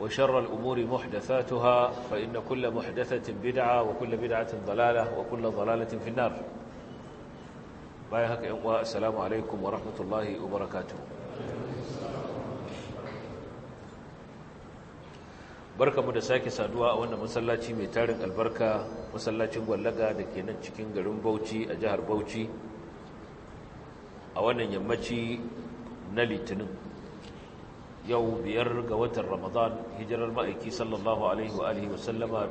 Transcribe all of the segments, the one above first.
وشر الأمور محدثاتها فإن كل محدثة بدعة وكل بدعة ضلالة وكل ضلالة في النار بايهك إنقواء السلام عليكم ورحمة الله وبركاته barka mu da sake saduwa a wannan masallaci mai tarin albarka masallacin gwallaga da ke nan cikin garin bauchi a jihar bauchi a wannan yammaci na litinin yau biyar ga watan ramadan hijirar ma'aiki sallallahu alaihi wa alihi wasallama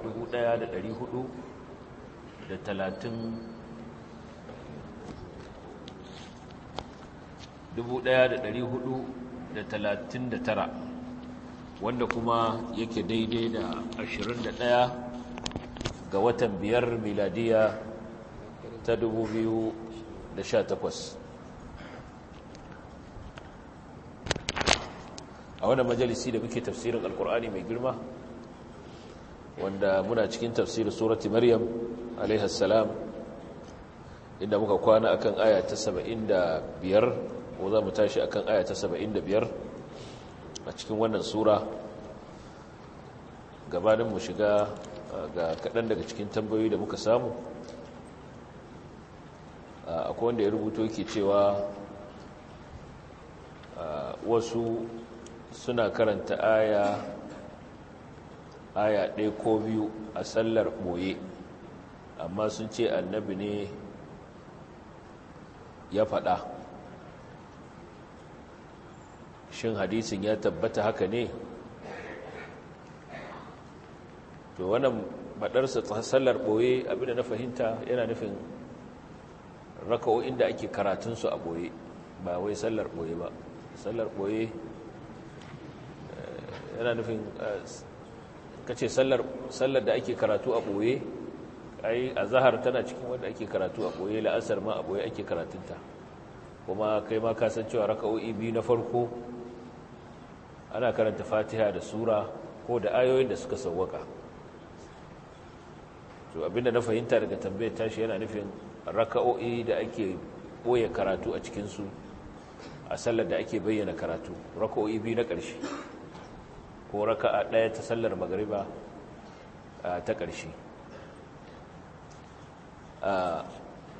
tara, wanda kuma yake daidai da ashirin da 21 ga watan biyar miladiya ta dubu biyu da sha takwas. a wani majalisi da muke tafsirin alkur'ani mai girma wanda muna cikin tafsirin surati maryam salam inda muka kwana akan aya ta 75 ko za mu tashi akan aya ta 75 a cikin wannan sura gabanin mu shiga ga kaɗan daga cikin tambayoyi da muka samu akwai wanda ya rubuto ke cewa wasu suna karanta aya aya ɗaya ko biyu a sallar ɓoye amma sun ce annabi ne ya faɗa shin hadisin ya tabbata haka ne to wannan baɗarsa sallar ɓoye abinda na fahimta yana nufin raka'o inda ake karatunsu a ɓoye ba wai sallar ɓoye ba sallar ɓoye yana nufin eh, kace sallar sallar da ake karatu a ɓoye ai zahar tana cikin wanda ake karatu a ɓoye la'asar ma a ɓoye ake karatunta kuma kai ma ka san cewa raka'o'i biyu na farko ana karanta Fatiha da sura ko da ayoyin da suka sauwaka to abinda na fahimta daga tambayar tashi yana nufin raka'o'i da ake boye karatu a cikinsu a sallar da ake bayyana karatu raka'o'i biyu na ƙarshe ko raka'a ɗaya ta sallar magariba ta ƙarshe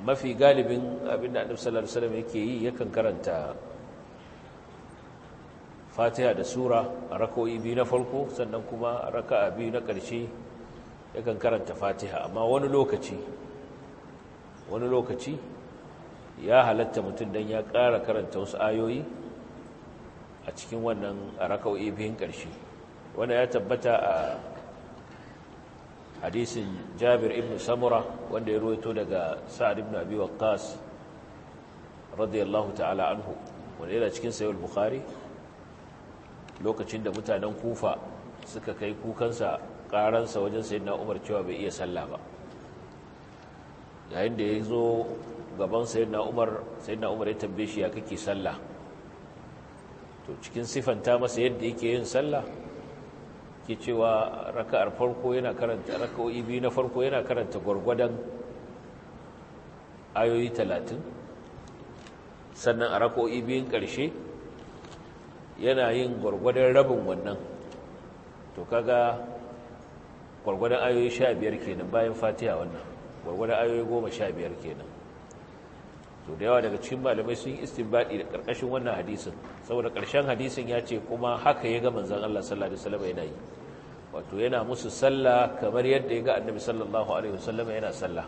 mafi galibin abinda annabi sallallahu alaihi wasallam yake yi yakan karanta fatiha da sura a raka'o'i biyu na farko sannan kuma a raka'a biyu na ƙarshe yakan karanta fatiha amma wani lokaci wani lokaci ya halatta mutum don ya ƙara karanta wasu ayoyi a cikin wannan a raka'o'i biyun ƙarshe wanda ya tabbata a hadisin jabir ibn samura wanda ya ruwaito daga sa'ad ibn abi waqqas radiyallahu ta'ala anhu wanda yana cikin sayi bukhari lokacin da mutanen kufa suka kai kukansa karansa wajen sayyidina umar cewa bai iya sallah ba yayin da ya zo gaban sayyidina umar sayyidina umar ya tambaye shi ya kake sallah to cikin sifanta masa yadda yake yin sallah ke cewa raka'ar farko yana karanta raka'o'i biyu na farko yana karanta gwargwadon ayoyi talatin sannan a raka'o'i biyun ƙarshe yana yin gwargwadon rabin wannan to kaga gwargwadon ayoyi sha biyar kenan bayan fatiha wannan gwargwadon ayoyi goma sha biyar kenan to da yawa daga cikin malamai sun yi istinbadi da ƙarƙashin wannan hadisin saboda ƙarshen hadisin ya ce kuma haka ya ga manzan Allah sallallahu alaihi wasallam yana yi wato yana musu sallah kamar yadda ya ga annabi sallallahu alaihi wasallam yana sallah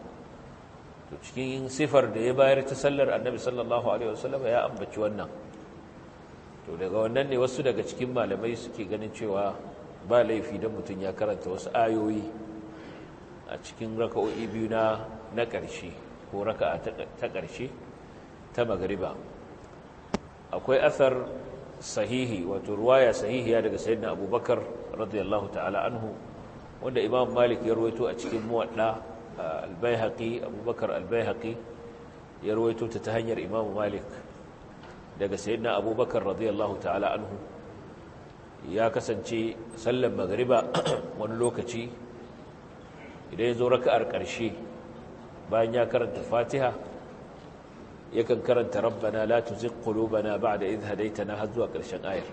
to cikin sifar da ya bayar ta sallar annabi sallallahu alaihi wasallam ya ambaci wannan to daga wannan ne wasu daga cikin malamai suke ganin cewa ba laifi dan mutum ya karanta wasu ayoyi a cikin raka'o'i biyu na na ƙarshe ko raka'a ta ƙarshe ta magriba akwai asar sahihi wato ruwaya sahihiya daga sayyidina abubakar radiyallahu ta'ala anhu wanda imam malik ya ruwaito a cikin muwadda albayhaqi abubakar albayhaqi ya ruwaito ta ta hanyar imam malik daga sayyidina abubakar radiyallahu ta'ala anhu ya kasance sallan magriba wani lokaci idan ya zo raka'ar ƙarshe bayan ya karanta fatiha yakan karanta rabbana la tuzigh qulubana ba'da idh hadaytana har zuwa ƙarshen ayar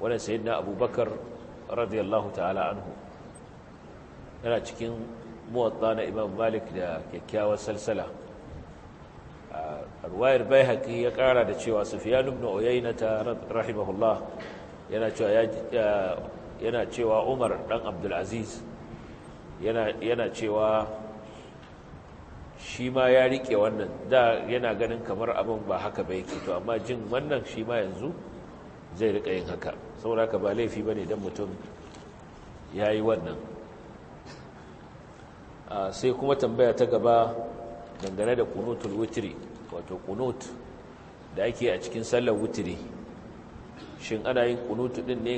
wannan sayyidina abubakar radiyallahu ta'ala anhu yana cikin muwatta na imam malik da kyakkyawar salsala a ruwayar baihaqi ya kara da cewa sufyan ibn ta rahimahullah yana cewa yana cewa umar dan abdul aziz yana yana cewa shi ma ya rike wannan da yana ganin kamar abin ba haka ba yake to amma jin wannan shi ma yanzu zai rika yin haka saboda haka ba laifi ba ne dan mutum ya yi wannan ah, sai kuma tambaya ta gaba dangane da kunutul wutiri wato kunut da ake a cikin sallar wutiri shin ana yin kunutu ɗin ne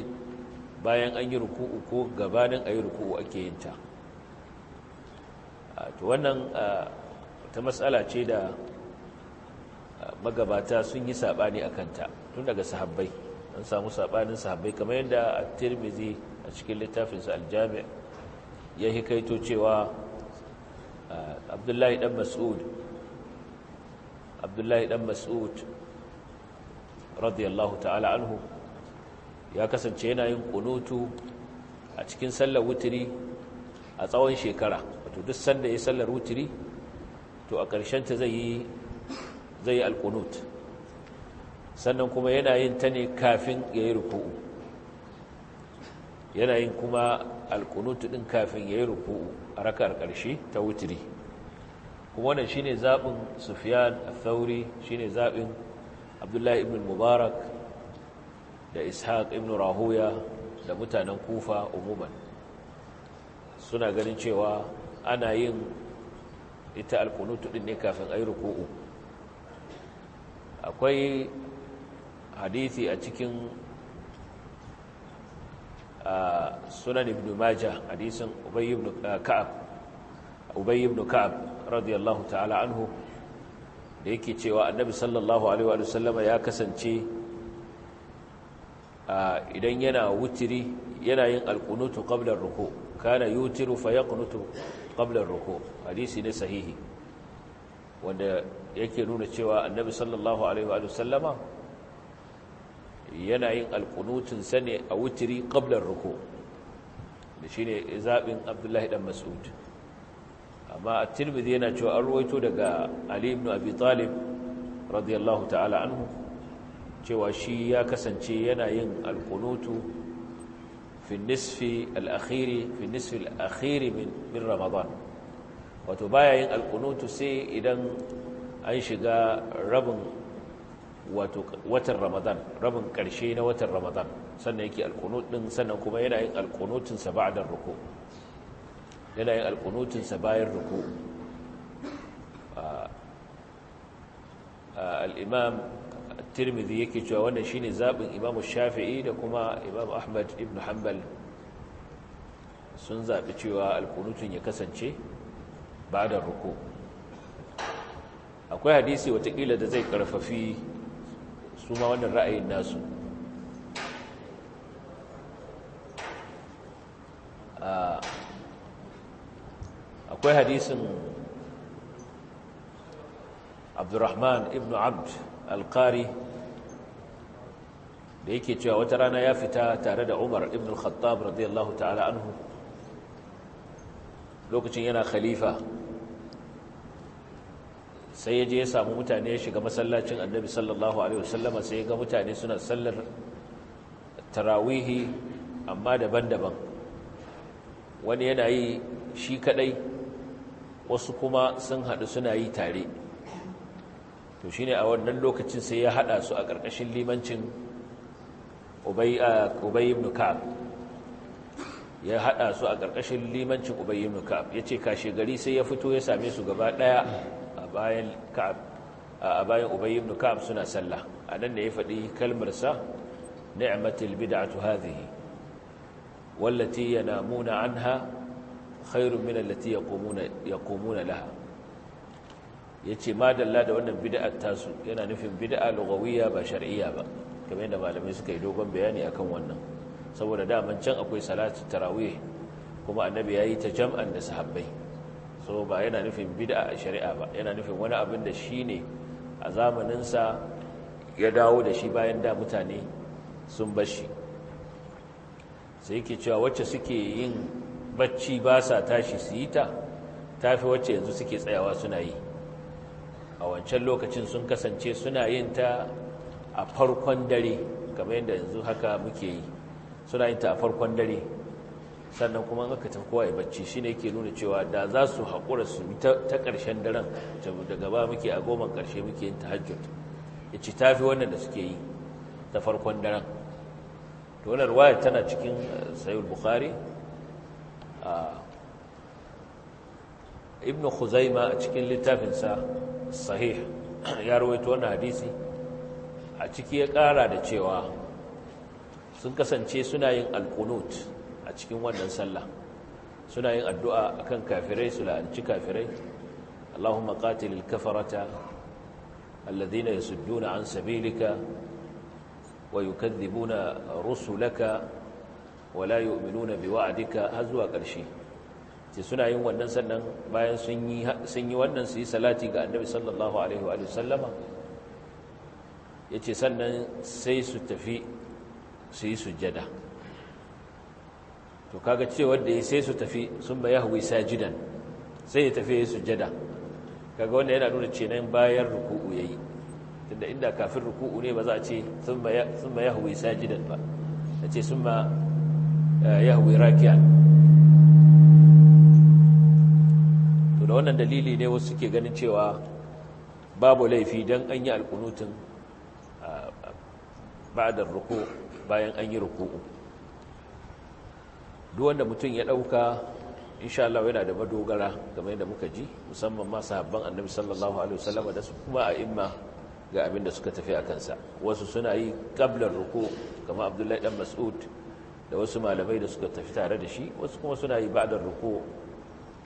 bayan an yi ruku'u ko gabanin a yi ruku'u ake yin ta ah, to wannan ah, wata matsala ce da magabata sun yi saɓani a kanta tun daga sahabbai an samu saɓanin sahabbai kamar yadda a tirmizi a cikin littafinsa aljami ya hikaito cewa abdullahi dan mas'ud abdullahi dan mas'ud radiyallahu ta'ala anhu ya kasance yana yin kunutu a cikin sallar wutiri a tsawon shekara wato duk sanda ya yi sallar wutiri to a ta zai yi alkunut. sannan kuma yana yin ta ne kafin ya yi ruku'u yana yin kuma alkunut ɗin kafin ya yi ruku'u a rakar ƙarshe ta wutiri kuma wannan ne zaɓin sufiyan al-thauri shine zaɓin abdullahi ibn mubarak da ishaq ibn rahuya da mutanen kufa umuman suna ganin cewa ana yin ita alkunutu ɗin ne kafin ayi ruku'u akwai hadisi a cikin sunan ibn majah hadisin ubay ibn ka'ab ibn ka'ab radiyallahu ta'ala anhu da yake cewa annabi sallallahu alaihi wa sallama ya kasance idan yana wutiri yana yin alkunutu qabla ruku kana yutiru fa yaqnutu Ƙablar ruku hadisi ne sahihi wanda yake nuna cewa annabi sallallahu alaihi wa sallama yana yin alqunutun ne a wutiri ƙablar ruku da ne zaɓin abdullahi dan mas'ud amma at-tirmidhi yana cewa an ruwaito daga ali ibn abi talib radiyallahu ta'ala anhu cewa shi ya kasance yana yin alkunutu. fi nisfi al'akhiri fi min ramadan wato baya yin alkunutu sai idan an shiga rabin watan ramadan rabin karshe na watan ramadan sannan yake alkunutun sannan kuma yana yin alkunutunsa ba'adar ruku yana yin alkunutunsa bayan ruku al'imam tirmidhi yake cewa wannan shine zabin imam shafi'i da kuma imam ahmad ibn hanbal sun zabi cewa alkunutun ya kasance ba da ruku akwai hadisi watakila da zai karfafi su ma wannan ra'ayin nasu ah, akwai hadisin abdurrahman ibn abd alƙari da yake cewa wata rana ya fita tare da umar ibn al-khattab radiyallahu ta'ala anhu lokacin yana khalifa sai ya je ya samu mutane ya shiga masallacin annabi sallallahu alaihi wasallama sai ya ga mutane suna sallar tarawihi amma daban-daban wani yana yi shi kadai wasu kuma sun haɗu suna yi tare to shine a wannan lokacin sai ya hada su a ƙarƙashin limancin ubay ubay ibn ka'ab ya hada su a ƙarƙashin limancin ubay ibn ka'ab yace kashe gari sai ya fito ya same su gaba daya a bayan ka'ab a bayan ubay ibn ka'ab suna sallah anan da ya faɗi kalmar sa ni'matul bid'atu hadhihi wallati yanamuna anha khairun min allati yaqumuna yaqumuna laha ya ce madalla da wannan bida'ar tasu yana nufin bida'a lugawiya ba shar'iyya ba game da malamai suka yi dogon bayani akan wannan saboda daman can akwai salatu tarawih kuma annabi ya yi ta jam'an da sahabbai so ba yana nufin bid'a a shari'a ba yana nufin wani abin da shi ne a zamaninsa ya dawo da shi bayan da mutane sun bashi sai yake cewa wacce suke yin bacci ba sa tashi su yi ta tafi wacce yanzu suke tsayawa suna yi a wancan lokacin sun kasance suna yin ta a farkon dare kamar yadda yanzu haka muke yi suna yin ta a farkon dare sannan kuma aka tafi ya bacci shi ne ke nuna cewa da za su haƙura su yi ta ƙarshen daren da gaba muke a goma ƙarshe muke yin tahajjud ya ci tafi wannan da suke yi ta farkon daren to waya tana cikin eh, sayul bukhari ah, ibn khuzaima a cikin littafinsa sahih ya rawaito wannan hadisi a ciki ya ƙara da cewa sun kasance suna yin alkunut a cikin wannan sallah suna yin addu'a akan kafirai su la'anci kafirai Allahumma qatilil kafarata alladhina yasudduna an sabilika wa yukadhibuna rusulaka wa la yu'minuna biwa'dika har zuwa ƙarshe ce suna yin wannan sannan bayan sun yi wannan su yi salati ga annabi sallallahu alaihi wa sallama ya ce sannan sai su tafi su yi jada to kaga cewar da ya sai su tafi sun ba hawi sajidan sai ya tafi ya yi sujjada kaga wanda yana nuna ce nan bayan ruku'u ya yi tunda inda kafin ruku'u ne ba za a ce sun ba hawi sajidan ba a ce sun ba hawi eh, rakiya da wannan dalili ne wasu suke ganin cewa babu laifi don an yi alkunutun ba'adar ruku bayan an yi ruku'u duk wanda mutum ya ɗauka insha Allah yana da madogara game da muka ji musamman masu sahabban annabi sallallahu alaihi wasallam da su kuma a imma ga abin da suka tafi a kansa wasu suna yi kablar ruku kamar abdullahi dan mas'ud da wasu malamai da suka tafi tare da shi wasu kuma suna yi da ruku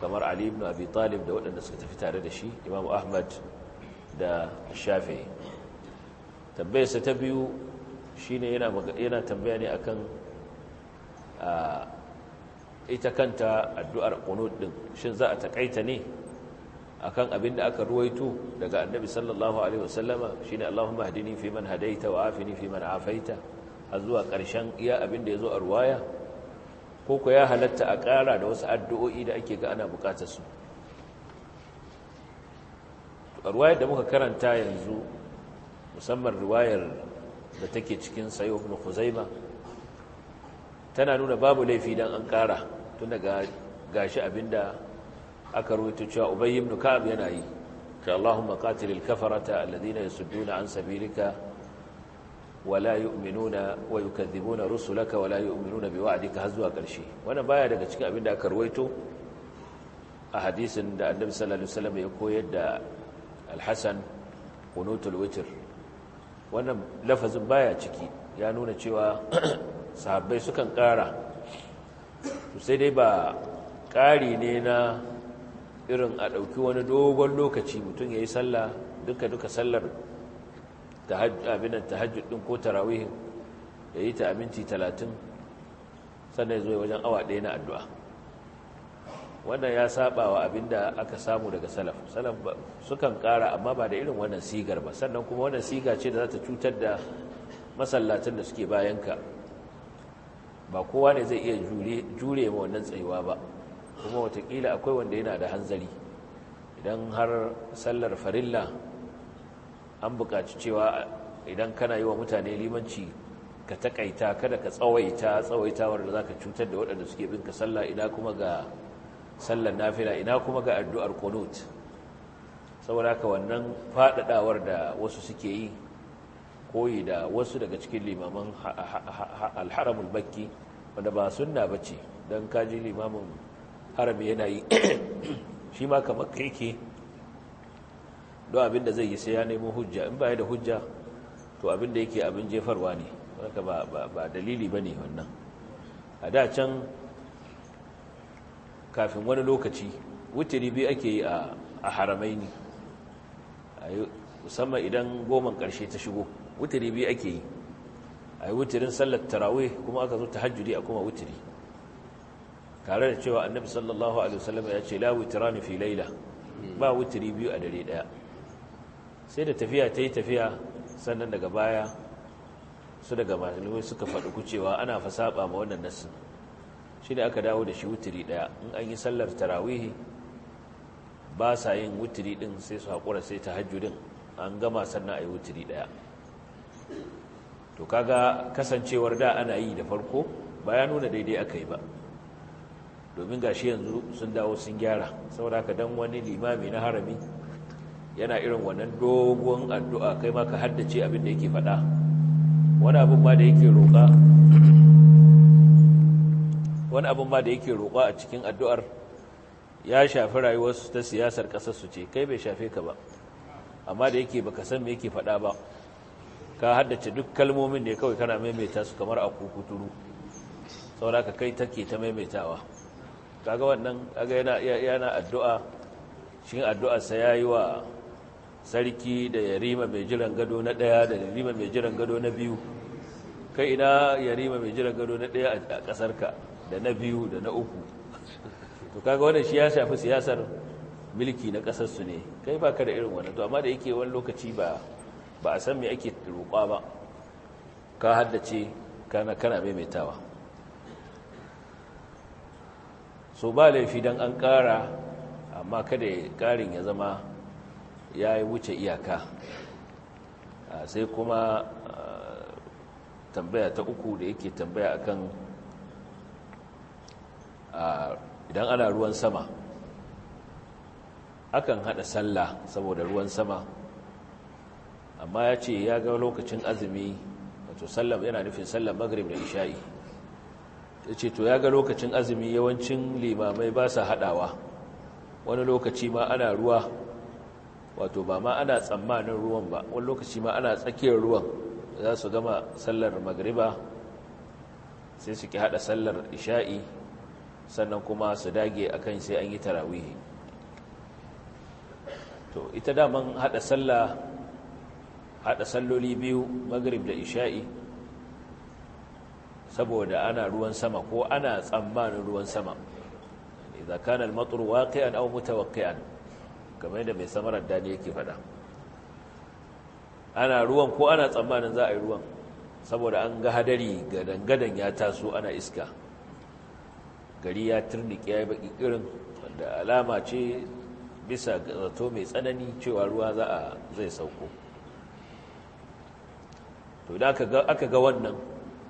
kamar ali ibn abi talib da waɗanda suka tafi tare da shi imam ahmad da shafi'i tambayarsa ta biyu shine yana yana tambaya ne akan ita kanta addu'ar qunut din shin za a takaita ne akan abin da aka ruwaito daga annabi sallallahu alaihi wasallama shine Allahumma hdini fi man hadaita wa afini fi man afaita har zuwa ƙarshen iya abin da yazo a ruwaya ko ku ya halatta a ƙara da wasu addu'o'i da ake ga ana buƙatar su ruwayar da muka karanta yanzu musamman ruwayar da take cikin sayo ibn khuzaima tana nuna babu laifi don an ƙara tun daga gashi abinda aka rute cewa Ubayyim ibn ka'ab yana yi ka Allahun makatilil kafarata alladhina yasudduna an sabirika wala yu'minuna wa yukadhibuna rusulaka wala yu'minuna biwa'dika har zuwa ƙarshe wannan baya daga cikin abin da aka rawaito a hadisin da Annabi sallallahu alaihi wasallam ya koyar da Al-Hasan qunutul witr wannan lafazin baya ciki ya nuna cewa sahabbai sukan kara to sai dai ba kari ne na irin a ɗauki wani dogon lokaci mutum yayi sallah duka-duka sallar abinan tahajjud ɗin ko tarawihin ya yi ta aminti talatin sannan ya zo wajen awa ɗaya na addu'a wannan ya saba wa abin da aka samu daga salaf salaf sukan ƙara amma ba da irin wannan sigar ba sannan kuma wannan siga ce da za ta cutar da masallacin da suke bayan ka. ba kowa ne zai iya jure ma wannan tsayuwa ba kuma watakila akwai wanda yana da hanzari idan har sallar farilla an buƙaci cewa idan kana yi wa mutane limanci ka takaita kada ka tsawaita tsawaitawar da ka cutar da waɗanda suke bin ka sallah ina kuma ga sallar nafila ina kuma ga addu'ar konot saboda ka wannan faɗaɗawar da wasu suke yi koyi da wasu daga cikin limaman alharamul bakki wanda ba sunna bace dan kaji limamin harami yana yi shi ma kamar kai ke don abin da zai yi sai ya nemo hujja in ba da hujja to abin da yake abin jefarwa ne haka ba dalili ba ne wannan a da can kafin wani lokaci wuturi biyu ake yi a haramai ne musamman idan goman karshe ta shigo wuturi biyu ake yi a yi wuturin sallar tarawe kuma aka zo ta hajjuri a kuma wuturi tare da cewa annabi sallallahu alaihi wasallam ya ce la wutirani fi laila ba wutiri biyu a dare daya sai da tafiya ta yi tafiya sannan daga baya su daga malamai suka faɗi kucewa ana fasaba ma wannan nassin shi da aka dawo da shi wuturi ɗaya in an yi sallar tarawihi ba sa yin wuturi ɗin sai su haƙura sai ta hajjudin an gama sannan a yi wuturi ɗaya to kaga kasancewar da ana yi da farko ba ya nuna daidai aka yi ba domin ga shi yanzu sun dawo sun gyara saboda haka dan wani limami na harami yana irin wannan dogon addu'a kai ma ka haddace abin da yake faɗa wani abin ma da yake roƙa wani abin ma da yake roƙa a cikin addu'ar ya shafi rayuwarsu ta siyasar ƙasar su ce kai bai shafe ka ba amma da yake baka san me yake faɗa ba ka haddace duk kalmomin ne kawai kana maimaita su kamar a kukuturu saboda ka kai take ta maimaitawa kaga wannan kaga yana yana addu'a shin addu'arsa yayi wa sarki da yarima mai jiran gado na ɗaya da yarima mai jiran gado na biyu kai ina yarima mai jiran gado na ɗaya a ƙasarka da na biyu da na uku to kaga wannan shi ya shafi siyasar mulki na ƙasarsu ne kai ba ka da irin wannan to amma da yake wani lokaci ba ba a san me ake roƙwa ba ka haddace kana kana maimaitawa so ba laifi dan an ƙara amma kada ƙarin ya zama ya yi wuce iyaka sai kuma tambaya ta uku da yake tambaya akan idan ana ruwan sama akan hada sallah saboda ruwan sama amma ya ce ya ga lokacin azumi wato sallam yana nufin sallar magrib da isha'i ya ce to ya ga lokacin azumi yawancin limamai ba sa hadawa wani lokaci ma ana ruwa wato ba ma ana tsammanin ruwan ba wani lokaci ma ana tsakiyar ruwan za su gama sallar magriba sai suke hada sallar isha'i sannan kuma su dage a kan sai an yi tarawihi to ita daman hada haɗa hada salloli biyu magrib da isha'i saboda ana ruwan sama ko ana tsammanin ruwan sama idza kana al-matru waqi'an aw mutawaqqi'an kamar yadda mai samarar dani yake faɗa ana ruwan ko ana tsammanin za a yi ruwan saboda an ga hadari gadangadan dangadan ya taso ana iska gari ya turnike ya yi baki irin wanda alama ce bisa zato mai tsanani cewa ruwa za a zai sauko to da aka ga wannan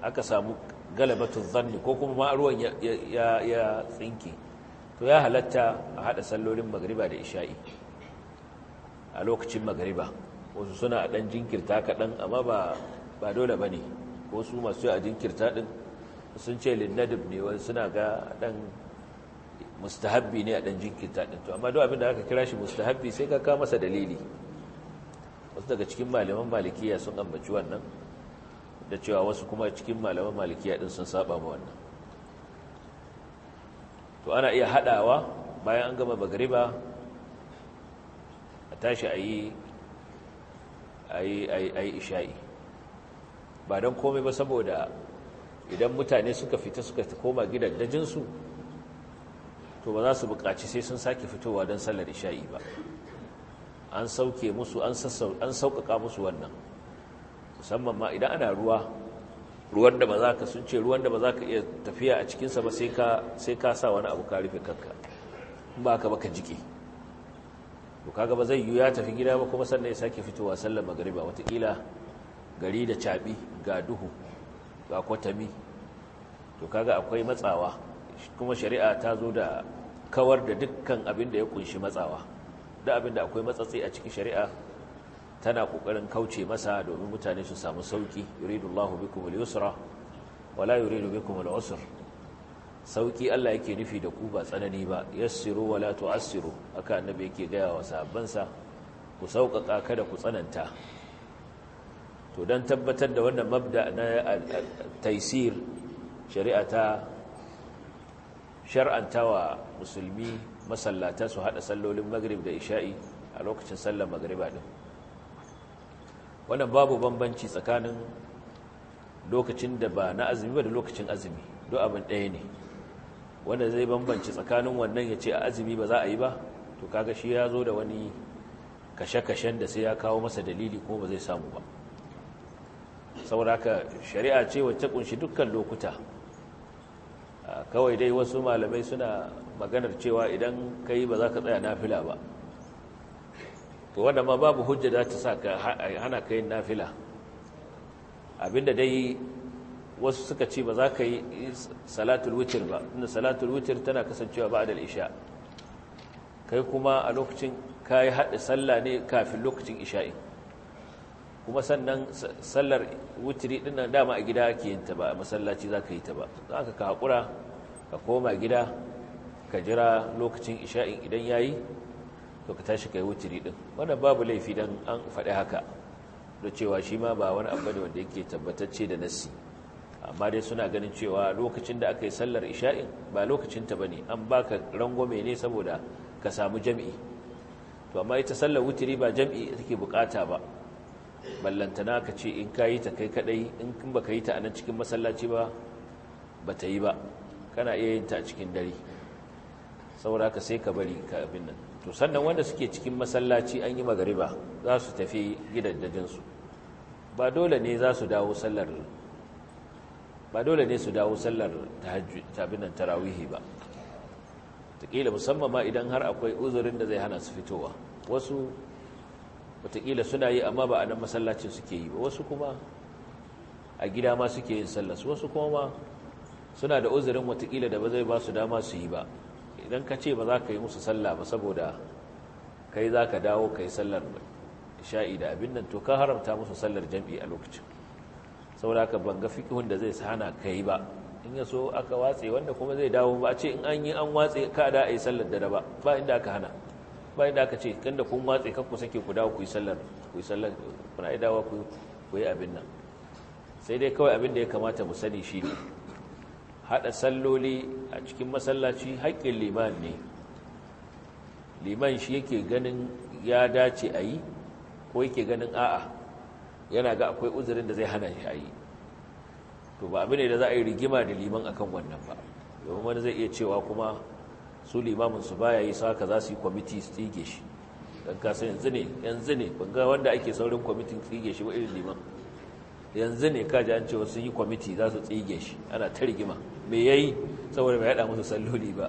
aka samu galabatun zanni ko kuma ma ruwan ya tsinki, to ya halatta a haɗa sallolin magariba da isha'i a lokacin magariba wasu suna a ɗan jinkirta kaɗan amma ba dole ba ne ko su masu a jinkirta ɗin sun ce linnadib ne wani suna ga ɗan mustahabbi ne a ɗan jinkirta ɗin to amma duk abinda aka kira shi mustahabbi sai ka kawo masa dalili wasu daga cikin malaman malikiya sun ambaci wannan da cewa wasu kuma cikin malaman malikiya ɗin sun saba ma wannan to ana iya haɗawa bayan an gama magariba tashi a yi isha'i ba don komai ba saboda idan mutane suka fita suka koma gidajensu to ba za su buƙaci sai sun sake fitowa don sallar isha'i ba an sauke musu an sauƙaƙa musu wannan musamman ma idan ana ruwa ruwan da ba za ka sun ce ruwan da ba za ka iya tafiya a cikinsa ba sai ka sa wani abu ka rufe kanka ba ka baka jiki to kaga ba zai yi ya tafi gida ba kuma sannan ya sake fitowa sallar magariba watakila gari da cabi ga duhu ga kwatami to kaga akwai matsawa kuma shari'a ta zo da kawar da dukkan abin da ya kunshi matsawa da abin da akwai matsatsi a cikin shari'a tana kokarin kauce masa domin mutane su samu sauki yuridullahu al yusra wala yuridu al usra sauki Allah yake nufi da ku ba tsanani ba yassiru wala tu'assiru aka annabi yake gaya wa sahabbansa ku sauƙaƙa kada ku tsananta to don tabbatar da wannan mabda na taisir shari'a ta shar'anta wa musulmi masallata su haɗa sallolin magrib da isha'i a lokacin sallar magriba din wannan babu bambanci tsakanin lokacin da ba na azumi ba da lokacin azumi duk abin ɗaya ne wanda zai bambanci tsakanin wannan ya ce a azumi ba za a yi ba to kaga shi ya zo da wani kashe-kashen da sai ya kawo masa dalili ko ba zai samu ba saboda ka shari'a ce wacce kunshi dukkan lokuta kawai dai wasu malamai suna maganar cewa idan ka yi ba za ka tsaya nafila ba to wanda ma babu hujja za ta sa ka hana ka yin nafila abinda dai wasu suka ce ba za ka yi salatul wutir ba inda salatul wutir tana kasancewa ba da isha kai kuma a lokacin ka yi haɗa sallah ne kafin lokacin isha'i kuma sannan sallar wutiri ɗin nan dama a gida ke yin ta ba a masallaci za ka yi ta ba za ka ka haƙura ka koma gida ka jira lokacin isha'in idan ya yi to ka tashi ka yi wutiri ɗin wannan babu laifi don an faɗi haka da cewa shi ma ba wani abu da wanda yake tabbatacce da nassi amma dai suna ganin cewa lokacin da aka yi sallar isha'in ba lokacinta ba ne an baka rangwame ne saboda ka samu jami'i. to amma ita sallar wutiri ba jam'i take bukata ba ballantana ka ce in ka ta kai kadai in ba ka yi ta anan cikin masallaci ba ba ta yi ba kana iya yin ta a cikin dare saboda ka sai ka bari ka abin nan to sannan wanda suke cikin masallaci an yi magariba za su tafi gidajensu ba dole ne za su dawo sallar ba dole ne su dawo sallar tabinan tarawihi ba watakila musamman ma idan har akwai uzurin da zai hana su fitowa wasu watakila suna yi amma ba a nan masallacin suke yi ba wasu kuma a gida ma suke yin sallas wasu kuma ma suna da uzurin watakila da ba zai ba su dama su yi ba idan ka ce ba za ka yi musu sallah ba saboda kai za ka dawo ka yi sallar sha'i da abin nan to ka haramta musu sallar jam'i a lokacin saboda ka banga fikihun da zai hana kai ba in ya so aka watse wanda kuma zai dawo ba ce in an yi an watse ka da yi sallar da ba ba inda aka hana ba inda aka ce kan da kun watse kanku ku sake ku dawo ku yi sallar ku yi sallar kuna ai dawo ku ku yi abin nan sai dai kawai abin da ya kamata mu sani shi ne hada salloli a cikin masallaci haƙƙin liman ne liman shi yake ganin ya dace a yi ko yake ganin a'a yana ga akwai uzurin da zai hana shi a yi to ba abin da za a yi rigima da liman akan wannan ba domin wani zai iya cewa kuma su limamin su baya yi saka za su yi kwamiti su tsige shi don kasa yanzu ne yanzu ne banga wanda ake saurin kwamitin tsige shi wa irin liman yanzu ne ji an cewa sun yi kwamiti za su tsige shi ana ta rigima me ya yi saboda bai haɗa musu salloli ba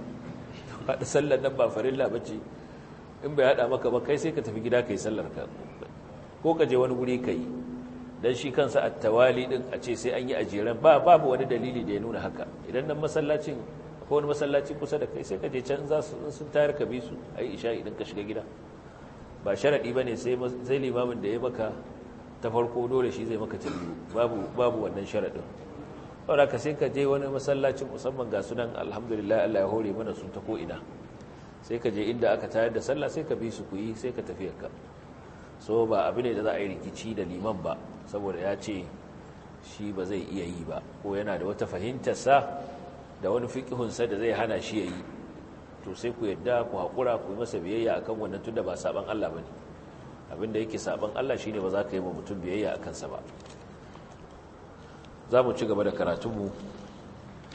haɗa sallar nan ba farilla ba in bai haɗa maka ba kai sai ka tafi gida ka yi sallar ka ko ka je wani wuri ka yi dan shi kansa a tawali din a ce sai an yi ajeran ba babu wani dalili da ya nuna haka idan nan masallacin ko wani masallaci kusa da kai sai ka je can za su sun tayar ka bi su ai isha idan ka shiga gida ba sharadi bane sai sai limamin da ya maka ta farko dole shi zai maka tilbi babu wannan sharaɗin. saboda ka sai ka je wani masallacin musamman ga sunan alhamdulillah Allah ya hore mana sun ta ko ina sai ka je inda aka tayar da sallah sai ka bi su ku yi sai ka tafi ka so ba abu ne da za a yi rikici da liman ba saboda ya ce shi ba zai iya yi ba ko yana da wata fahimtarsa da wani fikihunsa da zai hana shi ya yi to sai ku yadda ku haƙura ku yi masa biyayya akan wannan tun da ba sabon Allah ba ne abinda yake saɓan Allah shi ne ba za ka yi wa mutum biyayya a kansa ba za mu ci gaba da karatunmu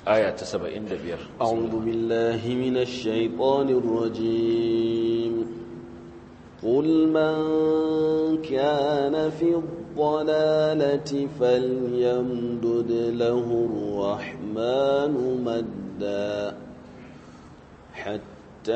aya ta 75 a'udhu biyar minash shaitanir قل من كان في الضلالة فليمدد له الرحمن مدا حتى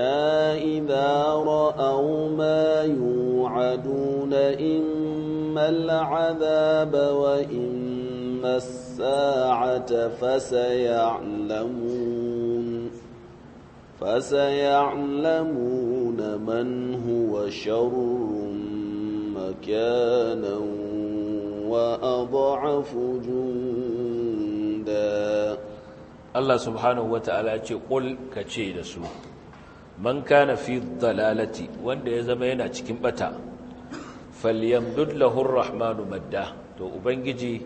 إذا رأوا ما يوعدون إما العذاب وإما الساعة فسيعلمون فسيعلمون من هو شر مكانا وأضعف جندا الله سبحانه وتعالى قل كشيء لسوء من كان في الضلالة وان يزمينا تكين بتا فليمدد له الرحمن مده to ubangiji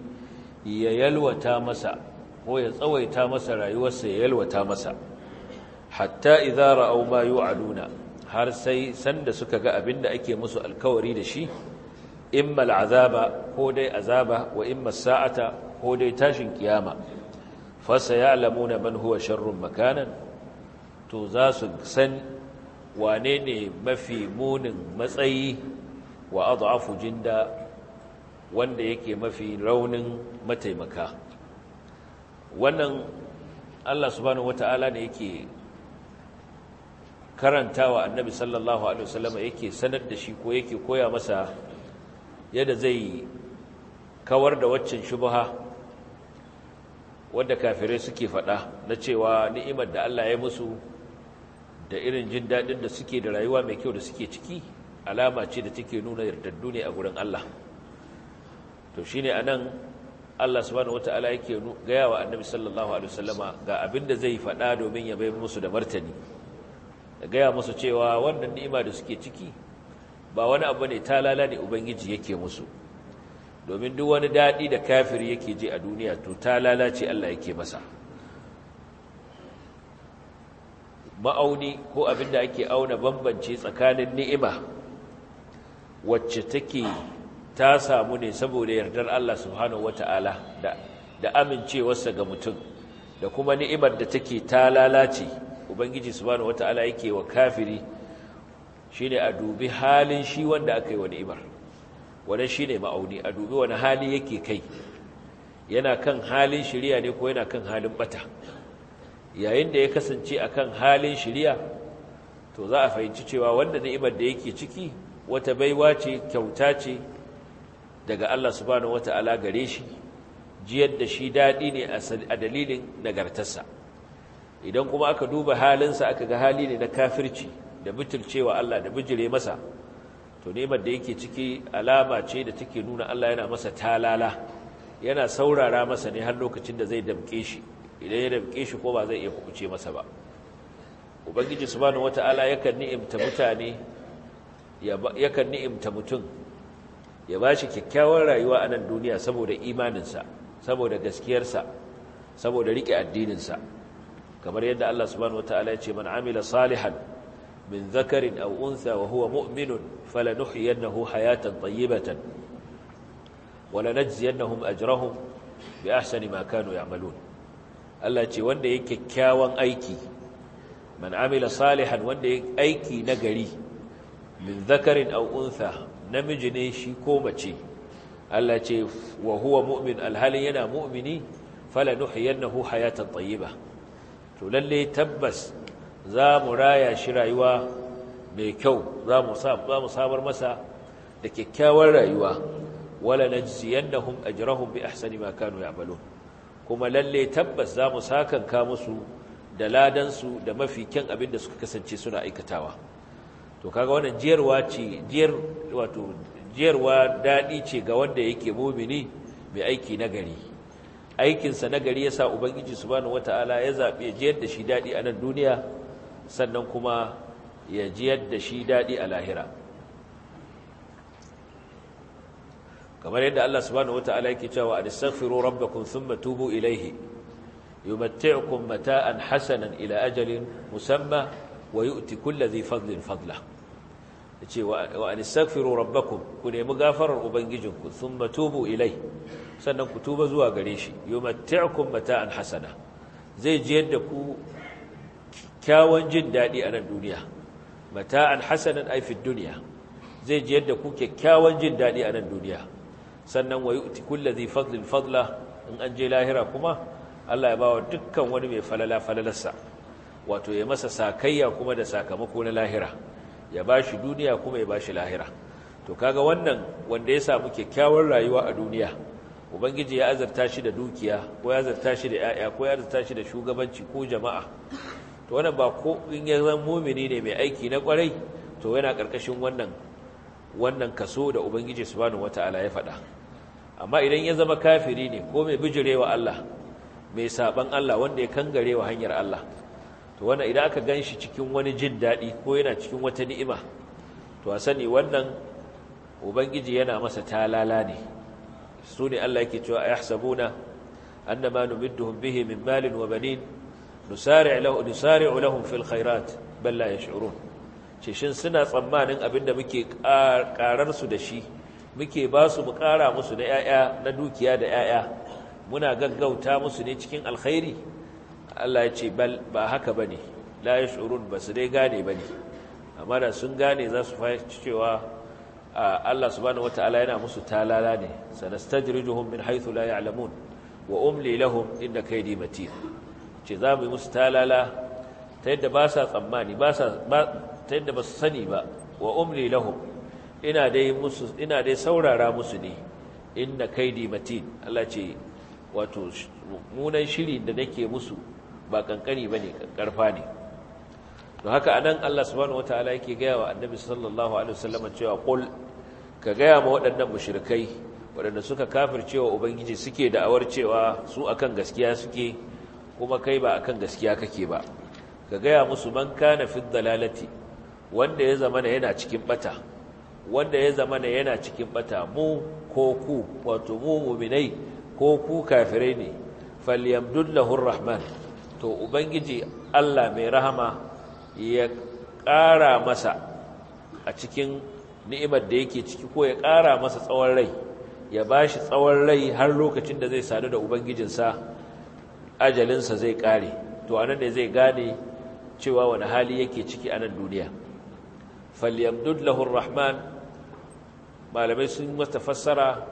ya yalwata masa ko ya tsawaita masa rayuwarsa ya yalwata masa hatta idza ra'aw ma yu'aduna har sai sanda suka ga abin da ake musu alkawari da shi imma al'azaba ko dai azaba wa imma sa'ata ko dai tashin kiyama fa sayalamuna man manhuwa sharrun makanan to za su san wane ne mafi munin matsayi wa adhafu jinda wanda yake mafi raunin mataimaka wannan Allah subhanahu wata'ala ne yake karantawa annabi sallallahu alaihi wasallam yake sanar da shi ko yake koya masa yadda zai kawar da waccan shubha wanda kafirai suke fada na cewa ni'imar da Allah ya musu da irin jin dadin da suke da rayuwa mai kyau da suke ciki alama ce da take nuna yardaddu ne a gurin Allah to shine anan Allah subhanahu wataala yake gaya wa annabi sallallahu alaihi wasallama ga abin da zai fada domin ya bai musu da martani da gaya musu cewa wannan ni'ima da suke ciki ba wani abu ne talala ne ubangiji yake musu domin duk wani daɗi da kafiri yake je a duniya to talala ce Allah yake masa ma'auni ko abin da ake auna bambance tsakanin ni'ima wacce take ta samu ne saboda yardar Allah subhanahu wata'ala da da amincewarsa ga mutum da kuma ni'imar da take ta lalace ubangiji subhanahu wataala yake wa kafiri shine a dubi halin shi wanda aka yi wa ni'imar shi shine ma'auni a dubi wani hali yake kai yana kan halin shirya ne ko yana kan halin bata yayin da ya kasance a kan halin shirya to za a fahimci cewa wanda ni'imar da yake ciki wata baiwa ce kyauta ce daga Allah wata ala gare shi jiyar da shi daɗi ne a dalilin nagartarsa idan kuma aka duba halinsa aka ga hali ne na kafirci da butulcewa Allah da bijire masa to neman da yake ciki alama ce da take nuna Allah yana masa talala yana saurara masa ne har lokacin da zai damke shi idan ya damke shi ko ba zai iya kubuce masa ba ubangiji subhanahu wataala yakan ni'imta mutane yakan ni'imta mutum ya ba shi kyakkyawar rayuwa a nan duniya saboda imaninsa saboda gaskiyarsa saboda rike addininsa kamar yadda Allah subhanahu wataala ya ce man amila salihan min dhakarin aw untha wa huwa mu'minun falanuhyiyannahu hayatan tayyibatan wa lanajziyannahum ajrahum bi ahsani ma kanu ya'malun Allah ce wanda yake kyakkyawan aiki man amila salihan wanda yake aiki nagari min dhakarin aw untha namiji ne shi ko mace Allah ce wa huwa mu'min alhali yana mu'mini falanuhyiyannahu hayatan tayyibatan to lalle tabbas za mu raya shi rayuwa mai kyau za mu samar masa da kyakkyawar rayuwa wala najziyannahum ajrahum bi ahsani ma kanu ya'malun kuma lalle tabbas za mu sakanka musu da ladansu da mafi kyan abin da suka kasance suna aikatawa to kaga wannan jiyarwa ce wato jiyarwa daɗi ce ga wanda yake mumini mai aiki na gari. aikinsa na gari ya sa ubangiji subhanahu wata'ala ya zabi ya jiyar da shi daɗi a nan duniya sannan kuma ya jiyar da shi daɗi a lahira kamar yadda Allah subhanahu wata'ala yake cewa astaghfiru rabbakum thumma tubu ilayhi yumatti'ukum mata'an hasanan ila ajalin musamma wa yu'ti kulli dhi fadlin fadlahu ce wa an istaghfiru rabbakum ku nemi gafarar ubangijinku thumma tubu ilai sannan ku tuba zuwa gare shi yumatti'ukum mata'an hasana zai je da ku kyawun jin daɗi a nan duniya mata'an hasanan ai fi duniya zai je da ku kyakkyawan jin daɗi a duniya sannan wa yu'ti kulli fadlin fadla in an je lahira kuma Allah ya bawa dukkan wani mai falala falalarsa wato ya masa sakayya kuma da sakamako na lahira ya ba shi duniya kuma ya ba shi lahira to kaga wannan wanda ya samu kyakkyawar rayuwa a duniya ubangiji ya azarta shi da dukiya ko ya azarta shi da yaya ko ya azarta shi da shugabanci ko jama'a to wannan ba ko in ya zama mumini ne mai aiki na kwarai to yana karkashin wannan wannan kaso da ubangiji subhanahu wataala ya faɗa amma idan ya zama kafiri ne ko mai bijirewa Allah mai saban Allah wanda ya kangarewa hanyar Allah to wannan idan aka gan shi cikin wani jin daɗi ko yana cikin wata ni'ima to a sani wannan ubangiji yana masa talala ne su ne Allah yake cewa yahsabuna annama numidduhum bihi min malin wa banin nusari'u lahum nusari'u lahum fil khairat bal la yash'urun ce shin suna tsammanin abinda muke karar su da shi muke ba su mu kara musu na yaya na dukiya da yaya muna gaggauta musu ne cikin alkhairi Allah ya ce ba haka ba ne la shurun ba su dai gane ba ne amma da sun gane za su fahimci cewa Allah subhanahu ta'ala yana musu talala ne sanastajrijuhum min haythu la ya'lamun wa umli lahum inna kaydi matin ce za mu yi musu talala ta yadda ba sa tsammani ba sa ta yadda ba su sani ba wa umli lahum ina dai ina dai saurara musu ne kai kaydi matin Allah ce wato munan shiri da nake musu ba kankani ba ne karfa ne don haka a nan allah subhanahu ta'ala yake gaya wa annabi sallallahu alaihi wasallam cewa qul ka gaya ma waɗannan mushrikai waɗanda suka kafircewa ubangiji suke da'awar cewa su akan gaskiya suke kuma kai ba akan gaskiya kake ba ka gaya musu man kana fi dalalati wanda ya zama na yana cikin bata wanda ya zama na yana cikin bata mu ko ku wato mu mu'minai ko ku kafirai ne falyamdullahu rahman to ubangiji Allah mai rahama ya ƙara masa a cikin ni'imar da yake ciki ko ya ƙara masa tsawon rai ya ba shi tsawon rai har lokacin da zai sadu da ubangijinsa ajalinsa zai ƙare to anan ne zai gane cewa wani hali yake ciki anan duniya falyamdud lahur rahman malamai sun mata fassara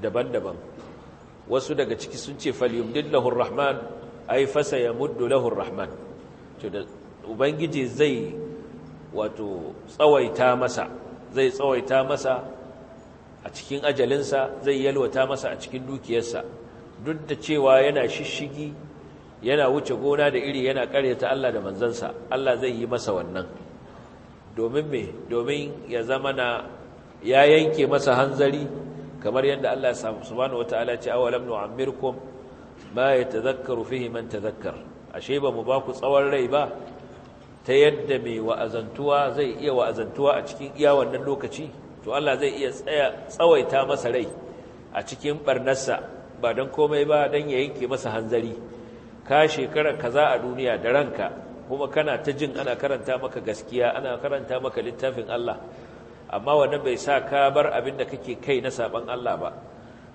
daban-daban wasu daga ciki sun ce falyamdud lahur rahman ai fasa ya muddu lahu rahman to da ubangiji zai wato tsawaita masa zai tsawaita masa a cikin ajalinsa zai yalwata masa a cikin dukiyarsa duk da cewa yana shishigi yana wuce gona da iri yana karyata Allah da manzansa Allah zai yi masa wannan domin me domin ya zama na ya yanke masa hanzari kamar yadda Allah subhanahu wataala ya ce awalam nu'ammirkum ma tazakkaru fihi man tazakkar ashe ba mu ba ku tsawon rai ba ta yadda mai wa'azantuwa zai iya wa'azantuwa a cikin iya wannan lokaci to Allah zai iya tsawaita masa rai a cikin barnarsa ba don komai ba don ya yanke masa hanzari ka shekara kaza a duniya da ranka kuma kana ta jin ana karanta maka gaskiya ana karanta maka littafin Allah amma wannan bai sa ka bar abin da kake kai na saban Allah ba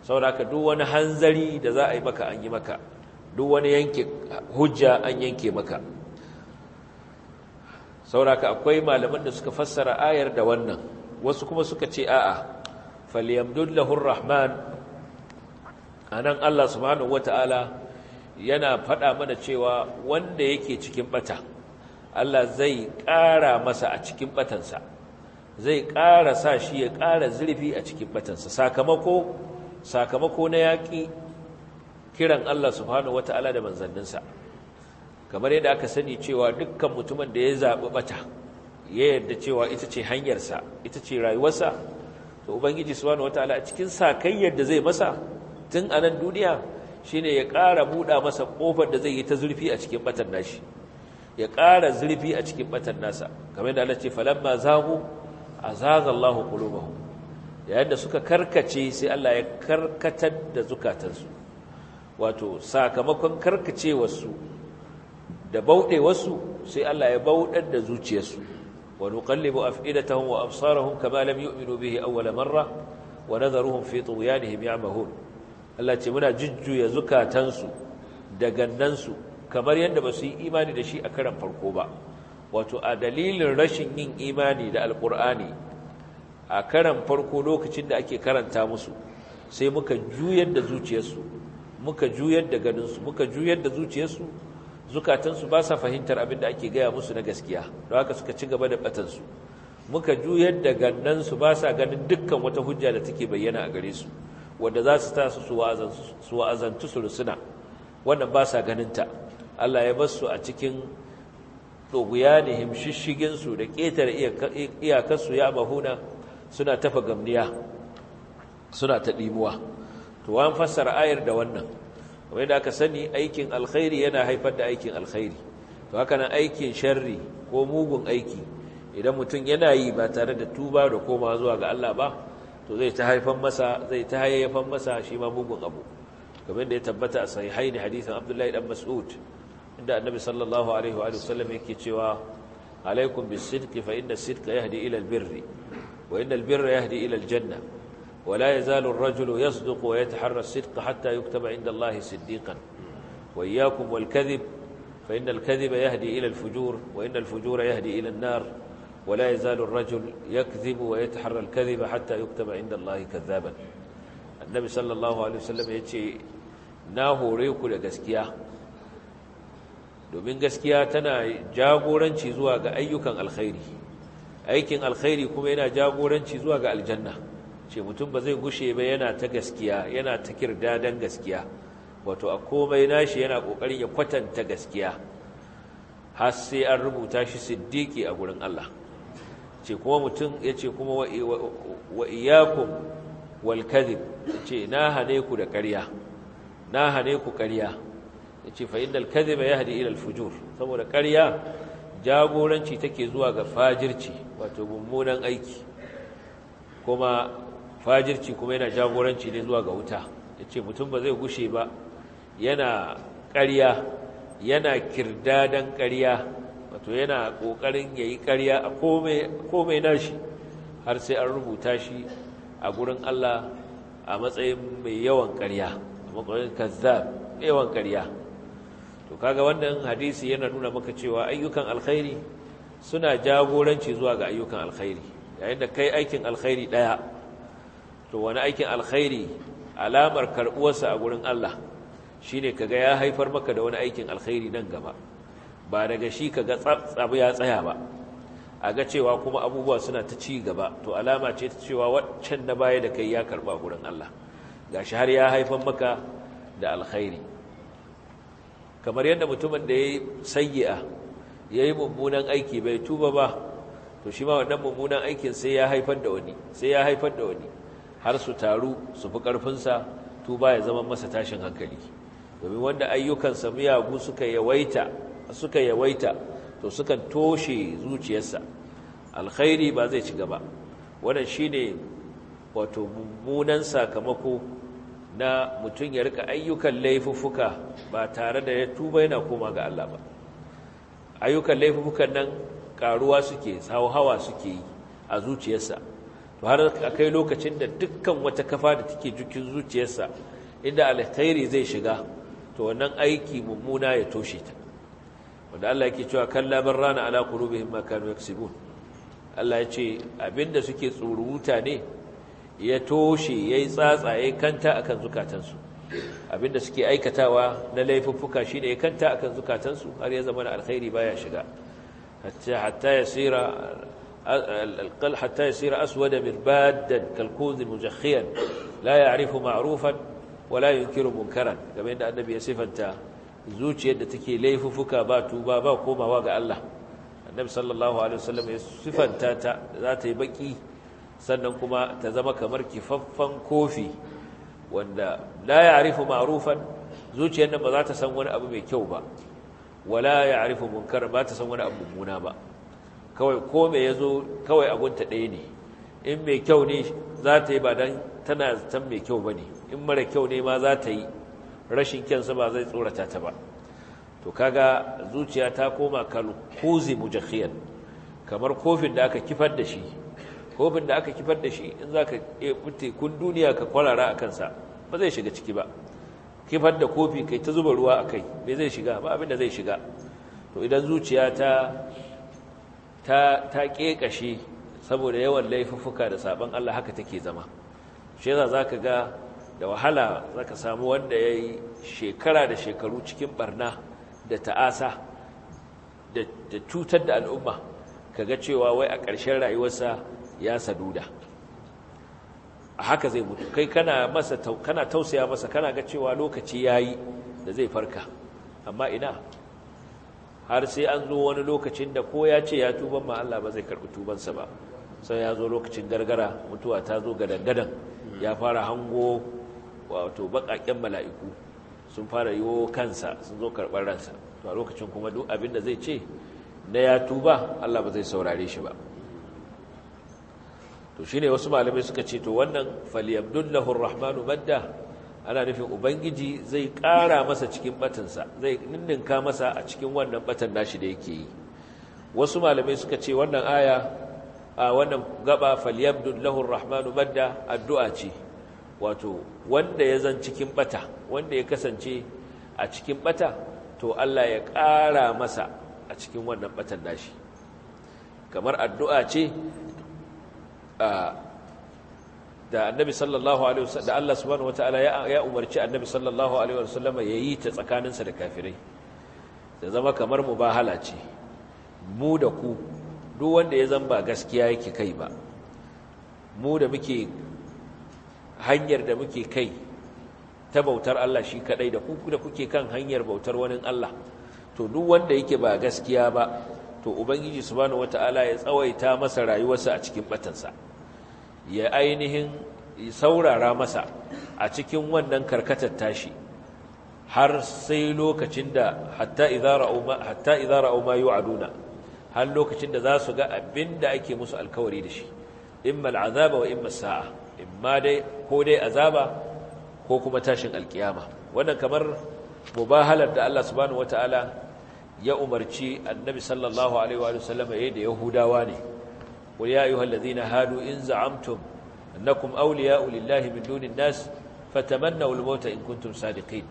ka duk wani hanzari da za a yi maka an yi maka duk wani yanke hujja an yanke maka ka akwai malaman da suka fassara ayar da wannan wasu kuma suka ce a'a lahur rahman anan Allah subhanahu wataala yana faɗa mana cewa wanda yake cikin bata Allah zai ƙara masa a cikin batansa zai ƙara sa shi ya ƙara zurfi a cikin batansa sakamako sakamako na yaƙi kiran Allah subhanahu wata'ala da manzanninsa kamar yadda aka sani cewa dukkan mutumin da ya zaɓi ɓata, ya yadda cewa ita ce hanyarsa ita ce rayuwarsa to ubangiji subhanahu wata'ala a cikin sakayyar da zai masa tun a nan duniya shine ya ƙara buɗa masa ƙofar da zai yi ta zurfi a cikin ɓatan nashi ya ƙara zurfi a cikin ɓatan nasa kamar yadda Allah ce falamma zahu azagha Allahu qulubahum Yadda suka karkace sai Allah ya karkatar da zukatansu wato sakamakon karkacewarsu da bauɗewarsu sai Allah ya bauɗar da zuciyarsu wa nuqallibu af'idatahum wa absarahum kama lam yu'minu bihi awwala marra wa nadharuhum fi tughyanihim ya'mahun Allah ce muna jujjuya zukatansu da gannansu kamar yadda ba su yi imani da shi a karan farko ba wato a dalilin rashin yin imani da Alƙur'ani. a karan farko lokacin da ake karanta musu sai muka juyar da zuciyarsu muka juyar da ganinsu muka juyar da zuciyarsu zukatansu ba sa fahimtar abin da ake gaya musu na gaskiya don haka suka ci gaba da batansu muka juyar da gannansu ba sa ganin dukkan wata hujja da take bayyana a gare su wanda za su ta su wa'azantu su rusuna wannan ba sa ganinta Allah ya basu a cikin ɗoguya da su da ƙetare iyakarsu ya mahuna suna tafa gamniya suna ta ɗimuwa to an fassara ayar da wannan kamar da aka sani aikin alkhairi yana haifar da aikin alkhairi to haka nan aikin sharri ko mugun aiki idan mutum yana yi ba tare da tuba da koma zuwa ga Allah ba to zai ta haifan masa zai ta hayyafan masa shi ma mugun abu kamar da ya tabbata a sahihaini hadisin Abdullahi dan Mas'ud inda Annabi sallallahu alaihi wa sallam yake cewa alaikum bis-sidqi fa inna as-sidqa yahdi ila al-birri وإن البر يهدي إلى الجنة ولا يزال الرجل يصدق ويتحرى الصدق حتى يكتب عند الله صديقا وإياكم والكذب فإن الكذب يهدي إلى الفجور وإن الفجور يهدي إلى النار ولا يزال الرجل يكذب ويتحرى الكذب حتى يكتب عند الله كذابا النبي صلى الله عليه وسلم يتشي ناهو ريكو لغسكيا domin gaskiya tana jagoranci zuwa ga ayyukan alkhairi aikin alkhairi kuma yana jagoranci zuwa ga aljanna ce mutum ba zai gushe ba yana ta gaskiya yana ta kirdadan gaskiya wato a komai nashi yana kokarin ya kwatanta gaskiya har sai an rubuta shi siddiqi a gurin Allah ce kuma mutum yace kuma wa iyyakum wal kadhib ce na hane ku da ƙarya na hane ku ƙarya yace fa innal kadhiba yahdi ila al fujur saboda ƙarya jagoranci take zuwa ga fajirci wato mummunan aiki kuma fajirci kuma yana jagoranci ne zuwa ga wuta ya ce mutum ba zai gushe ba yana ƙarya yana kirdadan ƙarya wato yana ƙoƙarin ya yi ƙarya a komai nashi har sai an rubuta shi a gurin Allah a matsayin mai yawan ƙarya a matsayin kazzab yawan ƙarya to kaga wannan hadisi yana nuna maka cewa ayyukan alkhairi suna jagoranci zuwa ga ayyukan alkhairi yayin da kai aikin alkhairi daya to wani aikin alkhairi alamar karbuwarsa a gurin Allah shine kaga ya haifar maka da wani aikin alkhairi nan gaba ba daga shi kaga tsab ya tsaya ba a ga cewa kuma abubuwa suna ta ci gaba to alama ce ta cewa waccan na baya da kai ya karba gurin Allah Ga shi har ya haifar maka da alkhairi kamar yadda mutumin da ya sayyi'a ya yi mummunan aiki bai tuba ba to shi ma wannan mummunan aikin sai ya haifar da wani sai ya haifar da wani har su taru su fi ƙarfinsa tuba ya zama masa tashin hankali domin wanda ayyukansa miyagu suka yawaita suka yawaita to sukan toshe zuciyarsa alkhairi ba zai ci gaba wannan shine wato mummunan sakamako na mutum ya rika ayyukan laifuffuka ba tare da ya tuba yana koma ga Allah ba ayyukan laifukan nan karuwa suke hawa suke yi a zuciyarsa to har akai lokacin da dukkan wata kafa da take jikin zuciyarsa inda alkhairi zai shiga to wannan aiki mummuna ya toshe ta wanda Allah yake cewa bar rana ala qulubihim ma kanu yaksibun Allah ya ce abinda suke tsoro mutane ya toshe yayi tsatsaye kanta akan zukatansu abinda suke aikatawa na laifuffuka shi ne kanta akan zukatansu har ya zama na alkhairi baya shiga hatta ya tsira alƙal hatta ya tsira aswada mirbaddan kalkuzi mujakhiyan la ya arifu ma'arufan wala yunkiru munkaran game yadda annabi ya sifanta zuciyar da take laifuffuka ba tuba ba komawa ga Allah annabi sallallahu alaihi wasallam ya sifanta ta za ta yi baki sannan kuma ta zama kamar kifaffan kofi wanda la ya'rifu ma'rufan zuciyar nan ba za ta san wani abu mai kyau ba wala ya'rifu munkar ba ta san wani abu mummuna ba kawai ko me yazo kawai agunta ɗaya ne in mai kyau ne za ta yi ba dan tana san mai kyau bane in mara kyau ne ma za ta yi rashin kyansa ba zai tsorata ta ba to kaga zuciya ta koma kalkuzi mujakhiyan kamar kofin da aka kifar da shi kofin da aka kifar da shi in za ka tekun duniya ka kwarara a kansa ba zai shiga ciki ba kifar da kofi kai ta zuba ruwa a kai bai zai shiga ba abinda zai shiga to idan zuciya ta ta ta saboda yawan laifuffuka da saban Allah haka take zama shi yasa zaka ga da wahala zaka samu wanda yayi shekara da shekaru cikin barna da ta'asa da cutar da al'umma ka ga cewa wai a ƙarshen rayuwarsa ya saduda a haka zai mutu kai kana tausaya masa kana ga cewa lokaci ya yi da zai farka amma ina har sai an zo wani lokacin da ko ya ce ya tuba ma Allah ba zai karbi tubansa ba sai ya zo lokacin gargara mutuwa ta zo gadangadan ya fara hango wato bakakken mala'iku sun fara yiwo kansa sun zo karɓar ransa to a lokacin kuma duk abin da zai ce na ya tuba Allah ba zai saurare shi ba to shine wasu malamai suka ce to wannan falyabdullahu arrahmanu madda ana nufin ubangiji zai ƙara masa cikin batinsa zai ninninka masa a cikin wannan batan nashi da yake yi wasu malamai suka ce wannan aya a wannan gaba falyabdullahu arrahmanu madda addu'a ce wato wanda ya zan cikin bata wanda ya kasance a cikin bata to Allah ya ƙara masa a cikin wannan batan nashi kamar addu'a ce da annabi sallallahu alaihi wasallam da Allah subhanahu wataala ya umarci annabi sallallahu alaihi wasallam ya yi ta sa da kafirai da zama kamar mubahala ce mu da ku duk wanda ya zamba gaskiya yake kai ba mu da muke hanyar da muke kai ta bautar Allah shi kadai da ku da kuke kan hanyar bautar wani Allah to duk wanda yake ba gaskiya ba to ubangiji subhanahu wataala ya tsawaita masa rayuwarsa a cikin batansa ya ainihin saurara masa a cikin wannan karkatar tashi har sai lokacin da hatta idara hatta idara ma yu'aduna har lokacin da za su ga abinda ake musu alkawari da shi imma al'azaba wa imma sa'a imma dai ko dai azaba ko kuma tashin alkiyama wannan kamar mubahalar da Allah subhanahu wataala ya umarci annabi sallallahu alaihi wa sallam ya da yahudawa ne qul ya ayyuhal ladhina hadu in za'amtum annakum auliya lillahi min dunin nas fatamannaw al in kuntum sadiqin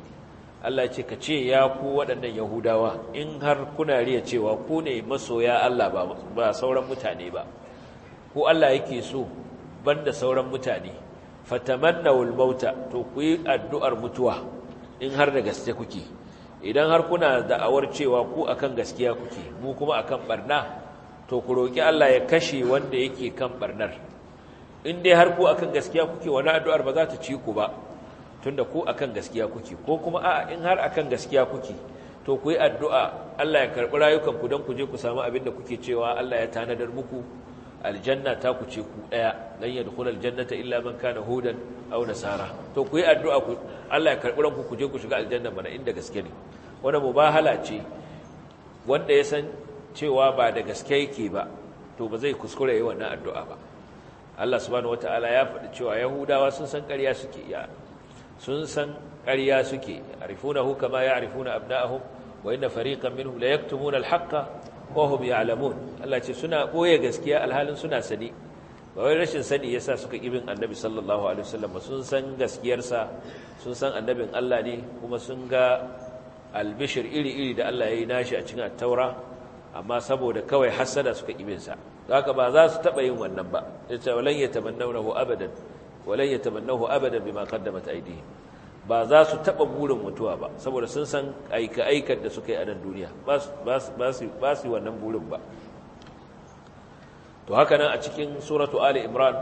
Allah ce ka ce ya ku waɗannan yahudawa in har kuna riya cewa ku ne masoya Allah ba ba sauran mutane ba ku Allah yake so banda sauran mutane fatamannaw al to ku yi addu'ar mutuwa in har da gaske kuke idan har kuna da awar cewa ku akan gaskiya kuke mu kuma akan barna to ku roki Allah ya kashe wanda yake kan barnar in dai har ku akan gaskiya kuke wani addu'ar ba za ta ci ku ba tunda ku akan gaskiya kuke ko kuma a in har akan gaskiya kuke to ku yi addu'a Allah ya karɓi ku don ku je ku samu abin da kuke cewa Allah ya tanadar muku aljanna ta ku ce ku daya lan yadkhul aljannata illa man kana hudan aw nasara to ku yi addu'a ku Allah ya karbi ranku ku je ku shiga aljanna mana inda gaske ne wanda mubahala ce wanda ya san cewa ba da gaske yake ba to ba zai kuskure yi wannan addu'a ba Allah subhanahu wataala ya faɗi cewa yahudawa sun san ƙarya suke ya sun san ƙarya suke arifunahu kama arifuna abna'ahum wa inna fariqan minhum la yaktumuna al wahum ya'lamun Allah ce suna boye gaskiya alhalin suna sani ba wai rashin sani ya sa suka ibin annabi sallallahu alaihi wasallam sun san gaskiyarsa sun san annabin Allah ne kuma sun ga albishir iri-iri da Allah ya yi nashi a cikin taura amma saboda kawai hasada suka ibin sa haka ba za su taba yin wannan ba yace walan yatamannawnahu abadan walan yatamannahu abadan bima qaddamat aydihim ba za su taɓa burin mutuwa ba saboda sun san aika-aikar da suka yi a nan duniya ba su wannan burin ba to haka nan a cikin suratu ali imran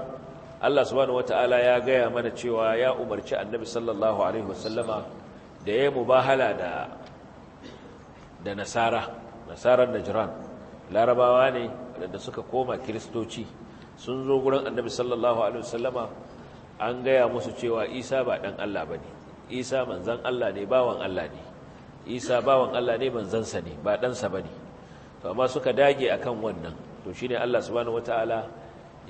Allah subhanahu wata'ala ya gaya mana cewa ya umarci annabi sallallahu alaihi wasallama da ya mubahala da da nasara nasarar najiran larabawa ne da suka koma kiristoci sun zo gurin annabi sallallahu alaihi wasallama an gaya musu cewa isa ba dan Allah ba ne. isa manzan Allah ne bawan Allah ne isa bawan Allah ne manzansa ne ba ɗansa ba ne to amma suka dage akan wannan to shine Allah subhanahu wataala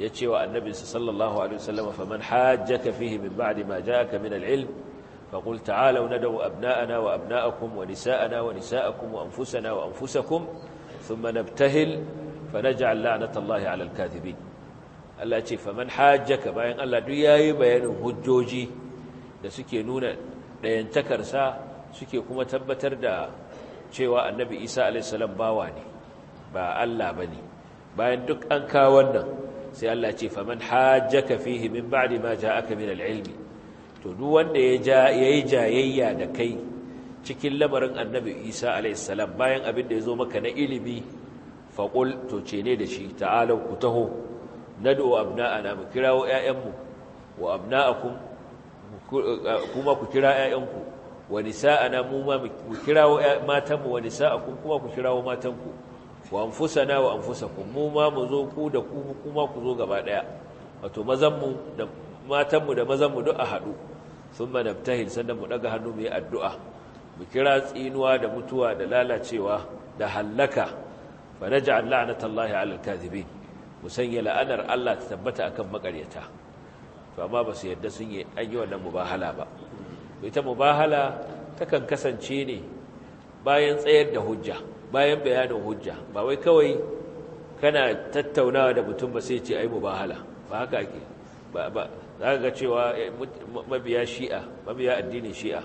ya ce wa annabinsa sallallahu alaihi wasallam faman hajjaka fihi min ba'di ma ja'aka min al-ilm faqul ta'alu nad'u abna'ana wa abna'akum wa nisa'ana wa nisa'akum wa anfusana wa anfusakum thumma nabtahil fanaj'al la'natallahi 'alal kadhibin Allah ya ce fa faman hajjaka bayan Allah duk yayi bayanin hujjoji da suke nuna ɗayantakarsa suke kuma tabbatar da cewa annabi isa alaihissalam bawa ne ba allah ba ne bayan duk an kawo wannan sai allah ce faman fi fihi min ba'di ma aka min al'ilmi to duk wanda ya yi jayayya da kai cikin lamarin annabi isa alaihissalam bayan abin da ya zo maka na ilimi faƙul to ce ne da shi ta'alau ku taho na da wa abna'ana mu kirawo 'ya'yanmu wa abna'akum Eh, kuma ku kira ƴaƴanku wa nisa'ana mu ma mu kira matanmu wa nisa'akum kuma ku kira wa matanku wa na wa anfusakum mu ma mu zo ku da ku kuma ku zo gaba daya wato matanmu da mazanmu duk a haɗu thumma nabtahil sannan mu daga hannu mu yi addu'a mu kira tsinuwa da mutuwa da lalacewa da hallaka ji Allah na tallahi 'alal Mu sanya la'anar Allah ta tabbata akan maƙaryata. to amma ba su yadda sun yi an yi wannan mubahala ba ita mubahala takan kasance ne bayan tsayar da hujja bayan bayanin hujja ba wai kawai kana tattaunawa da mutum ba sai ce ai mubahala ba haka ake ba ba za ga cewa eh, mabiya shi'a mabiya addinin shi'a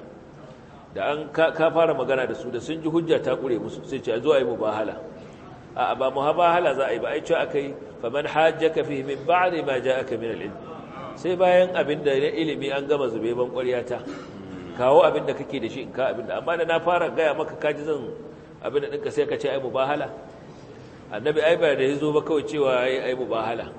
da an ka fara magana da su da sun ji hujja ta kure musu sai ce zo ai mubahala a ba muhabahala za a yi ba yi cewa akai faman hajjaka fi min ba'di ma ja'aka min al sai bayan abin da na ilimi an gama zube ban ta kawo abin da kake da shi in ka abin da amma da na fara gaya maka kaji zan abin da ɗinka sai ka ce ai bahala annabi ai ba da ya zo ba kawai cewa ai bahala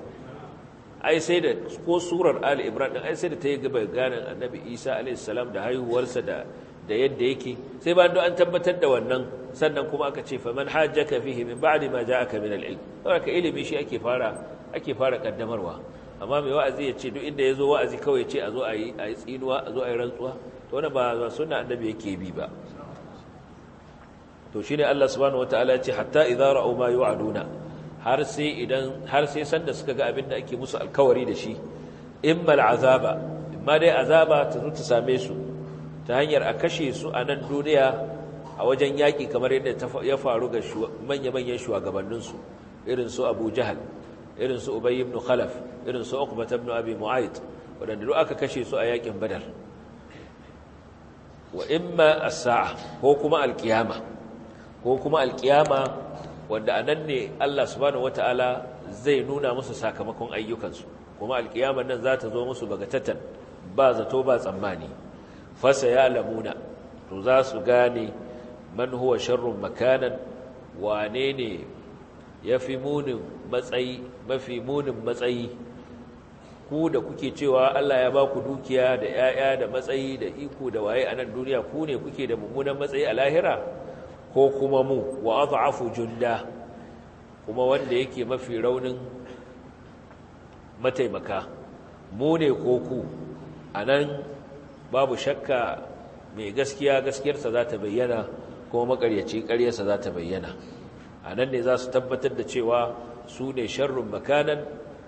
ai sai da ko surar ali ibrahim din ai sai da ta yi gaba ganin annabi isa alayhi salam da haihuwarsa da da yadda yake sai ba don an tabbatar da wannan sannan kuma aka ce fa man hajjaka fihi min ba'di ma ja'aka min al-ilm saboda ilimi shi ake fara ake fara kaddamarwa amma mai wa'azi ya ce duk inda ya zo wa'azi kawai ce a zo a yi tsinuwa a zo a yi rantsuwa to wani ba za su na annabi yake bi ba to shi ne Allah subhanahu wataala ya ce hatta izara ra'u ma yu'aduna har sai har sai sanda suka ga abin da ake musu alkawari da shi azaba in ma dai azaba ta zo ta same su ta hanyar a kashe su a nan duniya a wajen yaki kamar yadda ya faru ga manya-manyan shugabanninsu irin su Abu Jahal irin su Ubay ibn Khalaf irin su Uqbah ibn Abi Mu'ayt wadanda duk aka kashe su a yakin Badar wa imma as-sa'a ko kuma al-qiyama ko kuma al-qiyama wanda anan ne Allah subhanahu wataala zai nuna musu sakamakon ayyukansu kuma al nan za ta zo musu bagatatan ba zato ba tsammani fasa ya lamuna to za su gane man huwa sharrun makanan wane ne ya fi munin matsayi mafi munin matsayi ku da kuke cewa Allah ya ba ku dukiya da 'ya'ya da matsayi da iko da waye a nan duniya ku ne kuke da mummunan matsayi a lahira ko kuma mu wa adhafu junda kuma wanda yake mafi raunin mataimaka mu ne ko ku a nan babu shakka mai gaskiya gaskiyarsa za ta bayyana kuma makaryaci karyarsa za ta bayyana a nan ne za su tabbatar da cewa su ne sharrun makanan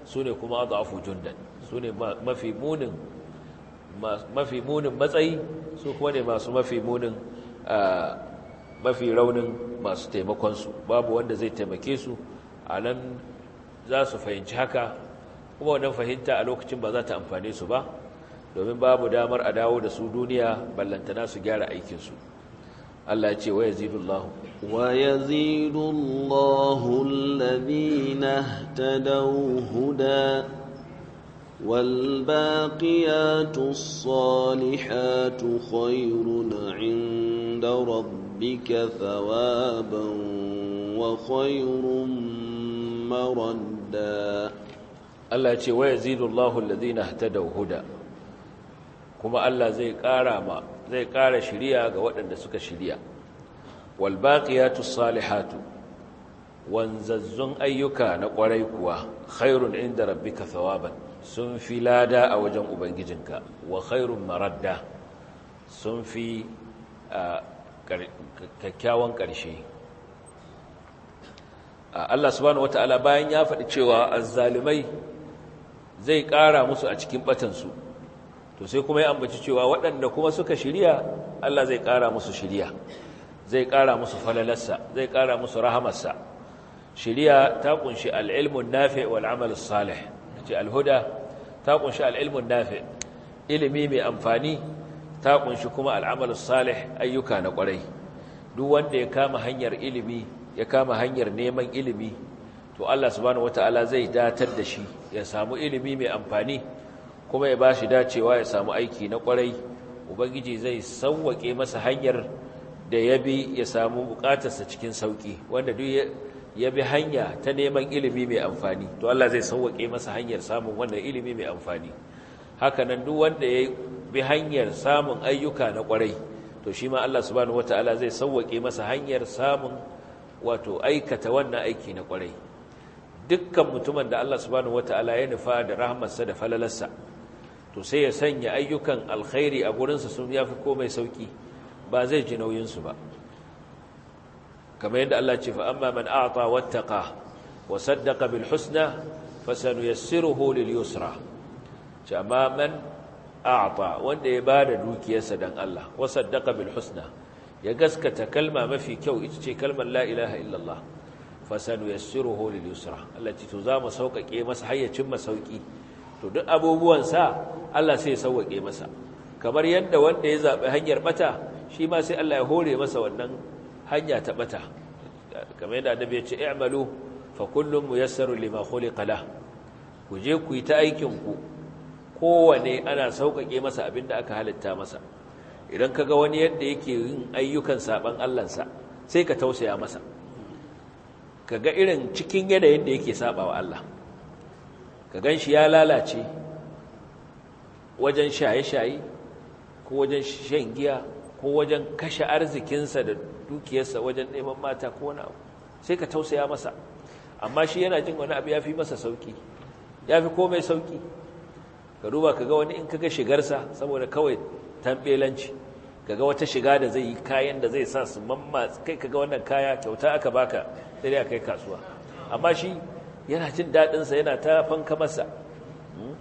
su ne kuma adafu jundan su ne mafi munin matsayi su kuma ne masu mafi munin mafi raunin masu taimakonsu babu wanda zai taimake su a nan za su fahimci haka kuma wannan fahimta a lokacin ba za ta amfane su ba domin babu damar a dawo da su duniya ballantana su gyara aikinsu Allah ce wa yazidullahu wa yazidullahu alladhina ihtadaw huda والباقيات الصالحات خير عند ربك ثوابا وخير مردا Allah ce wa yazidullahu alladhina ihtadaw huda kuma Allah zai ƙara ma zai ƙara shiriya ga waɗanda suka shiriya walbaƙiyatu salihatu wanzazzun ayyuka na ƙwarai kuwa khairun inda rabbika thawaban sun fi lada a wajen ubangijinka wa khairun maradda sun fi kyakkyawan ƙarshe Allah subhanahu wata'ala bayan ya faɗi cewa azzalimai zai ƙara musu a cikin ɓatansu to sai kuma ya ambaci cewa waɗanda kuma suka shirya Allah zai ƙara musu shirya zai ƙara musu falalarsa zai ƙara musu rahamarsa shirya ta ƙunshi al'ilmun nafi wal amal salih ce alhuda ta ƙunshi al'ilmun nafi ilimi mai amfani ta ƙunshi kuma al'amal salih ayyuka na ƙwarai duk wanda ya kama hanyar ilimi ya kama hanyar neman ilimi to Allah subhanahu wataala zai datar da shi ya samu ilimi mai amfani kuma ya ba shi dacewa ya samu aiki na kwarai ubangiji zai sauwake masa hanyar da ya bi ya samu bukatarsa cikin sauƙi, wanda duk ya bi hanya ta neman ilimi mai amfani to Allah zai sauwake masa hanyar samun wannan ilimi mai amfani Haka nan duk wanda ya bi hanyar samun ayyuka na kwarai to shi ma Allah subhanahu wataala zai sauwake masa hanyar samun wato aikata wannan aiki na kwarai dukkan mutumin da Allah subhanahu wataala ya nufa da rahmarsa da falalarsa to sai ya sanya ayyukan alkhairi a gurinsa sun yafi komai sauki ba zai ji nauyinsu ba kamar yadda Allah ce fa amma man a'ta wattaqa wa saddaqa bil husna fasanuyassiruhu lil yusra ce amma man a'ta wanda ya bada dukiyarsa dan Allah wa saddaqa bil husna ya gaskata kalma mafi kyau ita ce kalmar la ilaha illallah fasanuyassiruhu lil yusra Allah ce to za mu sauƙaƙe masa hayyacin masauki to duk abubuwansa Allah sai ya sauwaƙe masa kamar yadda wanda ya zaɓi hanyar ɓata shi ma sai Allah ya hore masa wannan hanya ta ɓata kamar yadda annabi ya ce i'malu fa kullum muyassaru lima khuliqa la ku je ku yi ta aikin ku kowane ana sauƙaƙe masa abin da aka halitta masa idan kaga wani yadda yake yin ayyukan saban Allahnsa sai ka tausaya masa kaga irin cikin yanayin da yake sabawa Allah ka gan shi ya lalace wajen shaye-shaye ko wajen shan giya ko wajen kashe arzikinsa da dukiyarsa wajen neman mata ko wani abu sai ka tausaya masa amma shi yana jin wani abu ya fi masa sauki ya fi komai sauki ka duba ka ga wani in kaga shigarsa saboda kawai tambelanci ka ga wata shiga da zai yi kayan da zai sa su mamma kai ka ga wannan kaya kyauta aka baka sai dai a kai kasuwa amma shi yana jin daɗinsa yana ta fanka masa hmm?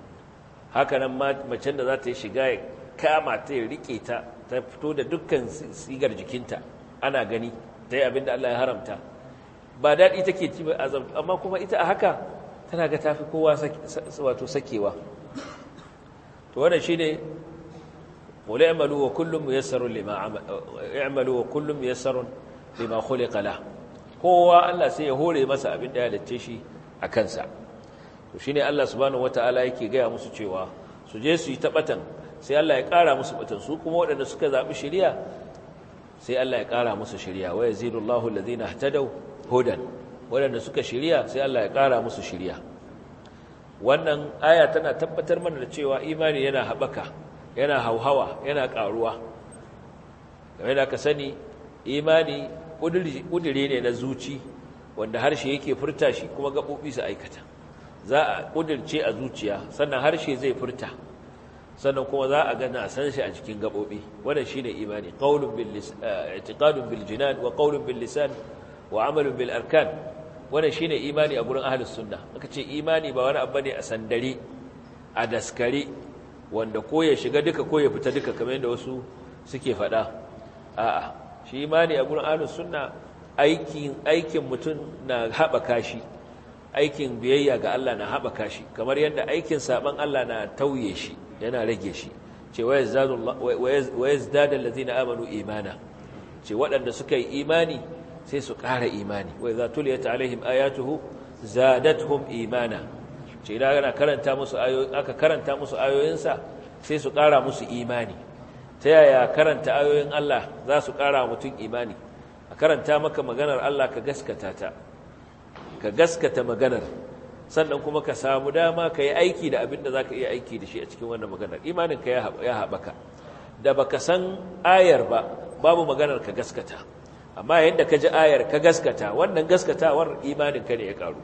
hakanan macen da za ta yi shiga ya kama ta ya riƙe ta ta fito da dukkan sigar jikinta ana gani ta yi abin da Allah ya haramta ba daɗi take ci ba amma kuma ita a haka tana ga tafi kowa wato sakewa to wannan shine wale amalu wa kullum lima wa kullum lima kowa Allah sai ya hore masa abin da ya dace shi a kansa to shine Allah subhanahu wataala yake gaya musu cewa su je su yi tabatan sai Allah ya ƙara musu batan su kuma waɗanda suka zaɓi shari'a sai Allah ya ƙara musu shari'a wa yazidullahu allazina ihtadaw hudan waɗanda suka shari'a sai Allah ya kara musu shari'a wannan aya tana tabbatar mana da cewa imani yana haɓaka yana hauhawa yana ƙaruwa game da ka sani imani ƙudiri ne na zuci wanda harshe yake furta shi kuma gaɓoɓi su aikata za a ƙudirce a zuciya sannan harshe zai furta sannan kuma za a gana a san shi a cikin gaɓoɓi wannan shi ne imani eh, itiƙadun bil jinan wa ƙaunin bil lisan wa amalin bil arkan wannan shi ne imani a gurin ahalus sunna aka ce imani ba wani abu ne a sandare a daskare wanda ko ya shiga duka ko ya fita duka kamar yadda wasu suke faɗa a'a shi imani a gurin ahalus sunna aikin aikin mutum na haɓaka shi aikin biyayya ga Allah na haɓaka shi kamar yadda aikin saban Allah na tauye shi yana rage shi ce wa yazdadu allazina amanu imana ce waɗanda suka yi imani sai su ƙara imani wa idza tuliyat alaihim ayatuhu zadatuhum imana ce idan aka karanta musu aka karanta musu ayoyinsa sai su ƙara musu imani ta yaya karanta ayoyin Allah za su ƙara mutum imani a karanta maka maganar Allah ka gaskata ta ka gaskata maganar sannan kuma ka samu dama ka yi aiki da abin da za ka iya aiki da shi a cikin wannan maganar imaninka ya haɓaka da ba ka san ayar ba babu maganar ka gaskata amma yadda ka ji ayar ka gaskata wannan gaskatawar imaninka ne ya ƙaru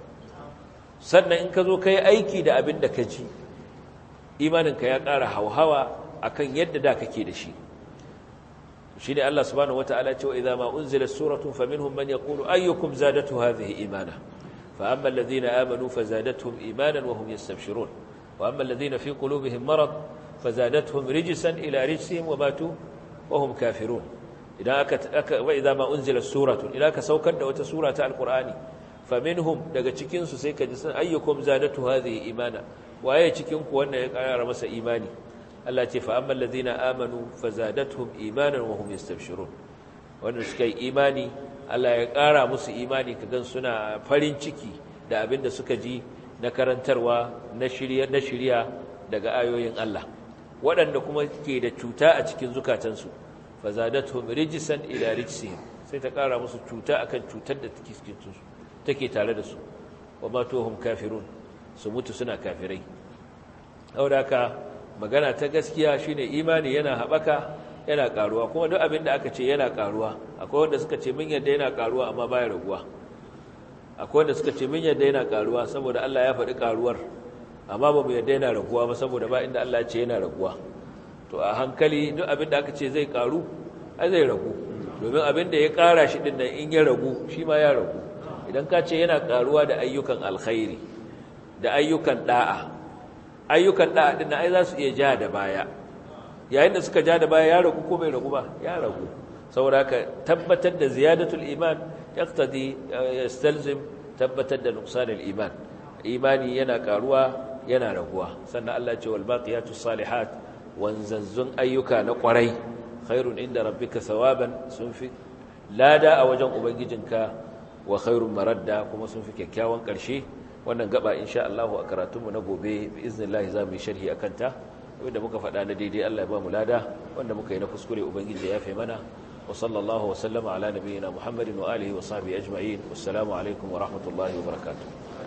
sannan in ka zo ka yi aiki da abin da ka ji imanin ka ya ƙara hauhawa akan yadda da kake da shi shine Allah subhanahu wataala ce wa idza ma unzila suratun faminhum man yaqulu ayyukum zadatu hadhihi imana fa amma alladhina amanu fazadatuhum imanan wa hum yastabshirun wa amma alladhina fi qulubihim marad fazadatuhum rijsan ila rijsihim wa matu wa hum kafirun idan aka wa idza ma unzila suratun idan ka saukar da wata sura ta alqur'ani faminhum daga cikin su sai ka ji san ayyukum zadatu hadhihi imana waye cikin ku wannan ya ƙara masa imani Allah ce fa amman na amanu fazadathum imanan wa yastabshirun wanda suka yi imani Allah ya ƙara musu imani ka gan suna farin ciki da abin da suka ji na karantarwa na shirya daga ayoyin Allah waɗanda kuma ke da cuta a cikin zukatansu fazadathum rijsan ila rijsihim sai ta ƙara musu cuta akan cutar da take tare da su wa matuhum kafirun su mutu suna kafirai haka magana ta gaskiya shine imani yana haɓaka yana ƙaruwa kuma duk abin da aka ce yana ƙaruwa akwai wanda suka ce min yadda yana ƙaruwa amma baya raguwa akwai wanda suka ce min yadda yana ƙaruwa saboda Allah ya faɗi ƙaruwar amma ba mu yadda yana raguwa ba saboda ba inda Allah ya ce yana raguwa to a hankali duk abin da aka ce zai ƙaru ai zai ragu domin abin da ya kara shi ɗin nan in ya ragu shi ma ya ragu idan ka ce yana ƙaruwa da ayyukan alkhairi da ayyukan da'a ayyukan da na ai za su iya ja da baya yayin da suka ja da baya ya ragu ko bai ragu ba ya ragu saboda ka tabbatar da ziyadatul iman yaqtadi eh, stelzim tabbatar da nuqsanul iman imani yana karuwa yana raguwa sannan Allah ce wal baqiyatus salihat wanzanzun ayyuka na kwarai khairun inda rabbika thawaban sun fi lada a wajen ubangijinka wa khairun maradda kuma sun fi kyakkyawan ƙarshe wannan gaba insha Allah a karatunmu na gobe bi iznillahi za mu yi sharhi akan ta wanda muka faɗa na daidai Allah ya ba mu lada wanda muka yi na kuskure ubangiji ya yafe mana wa sallallahu wa sallama ala nabiyyina Muhammadin wa alihi wa sahbihi ajma'in wassalamu alaikum wa rahmatullahi wa barakatuh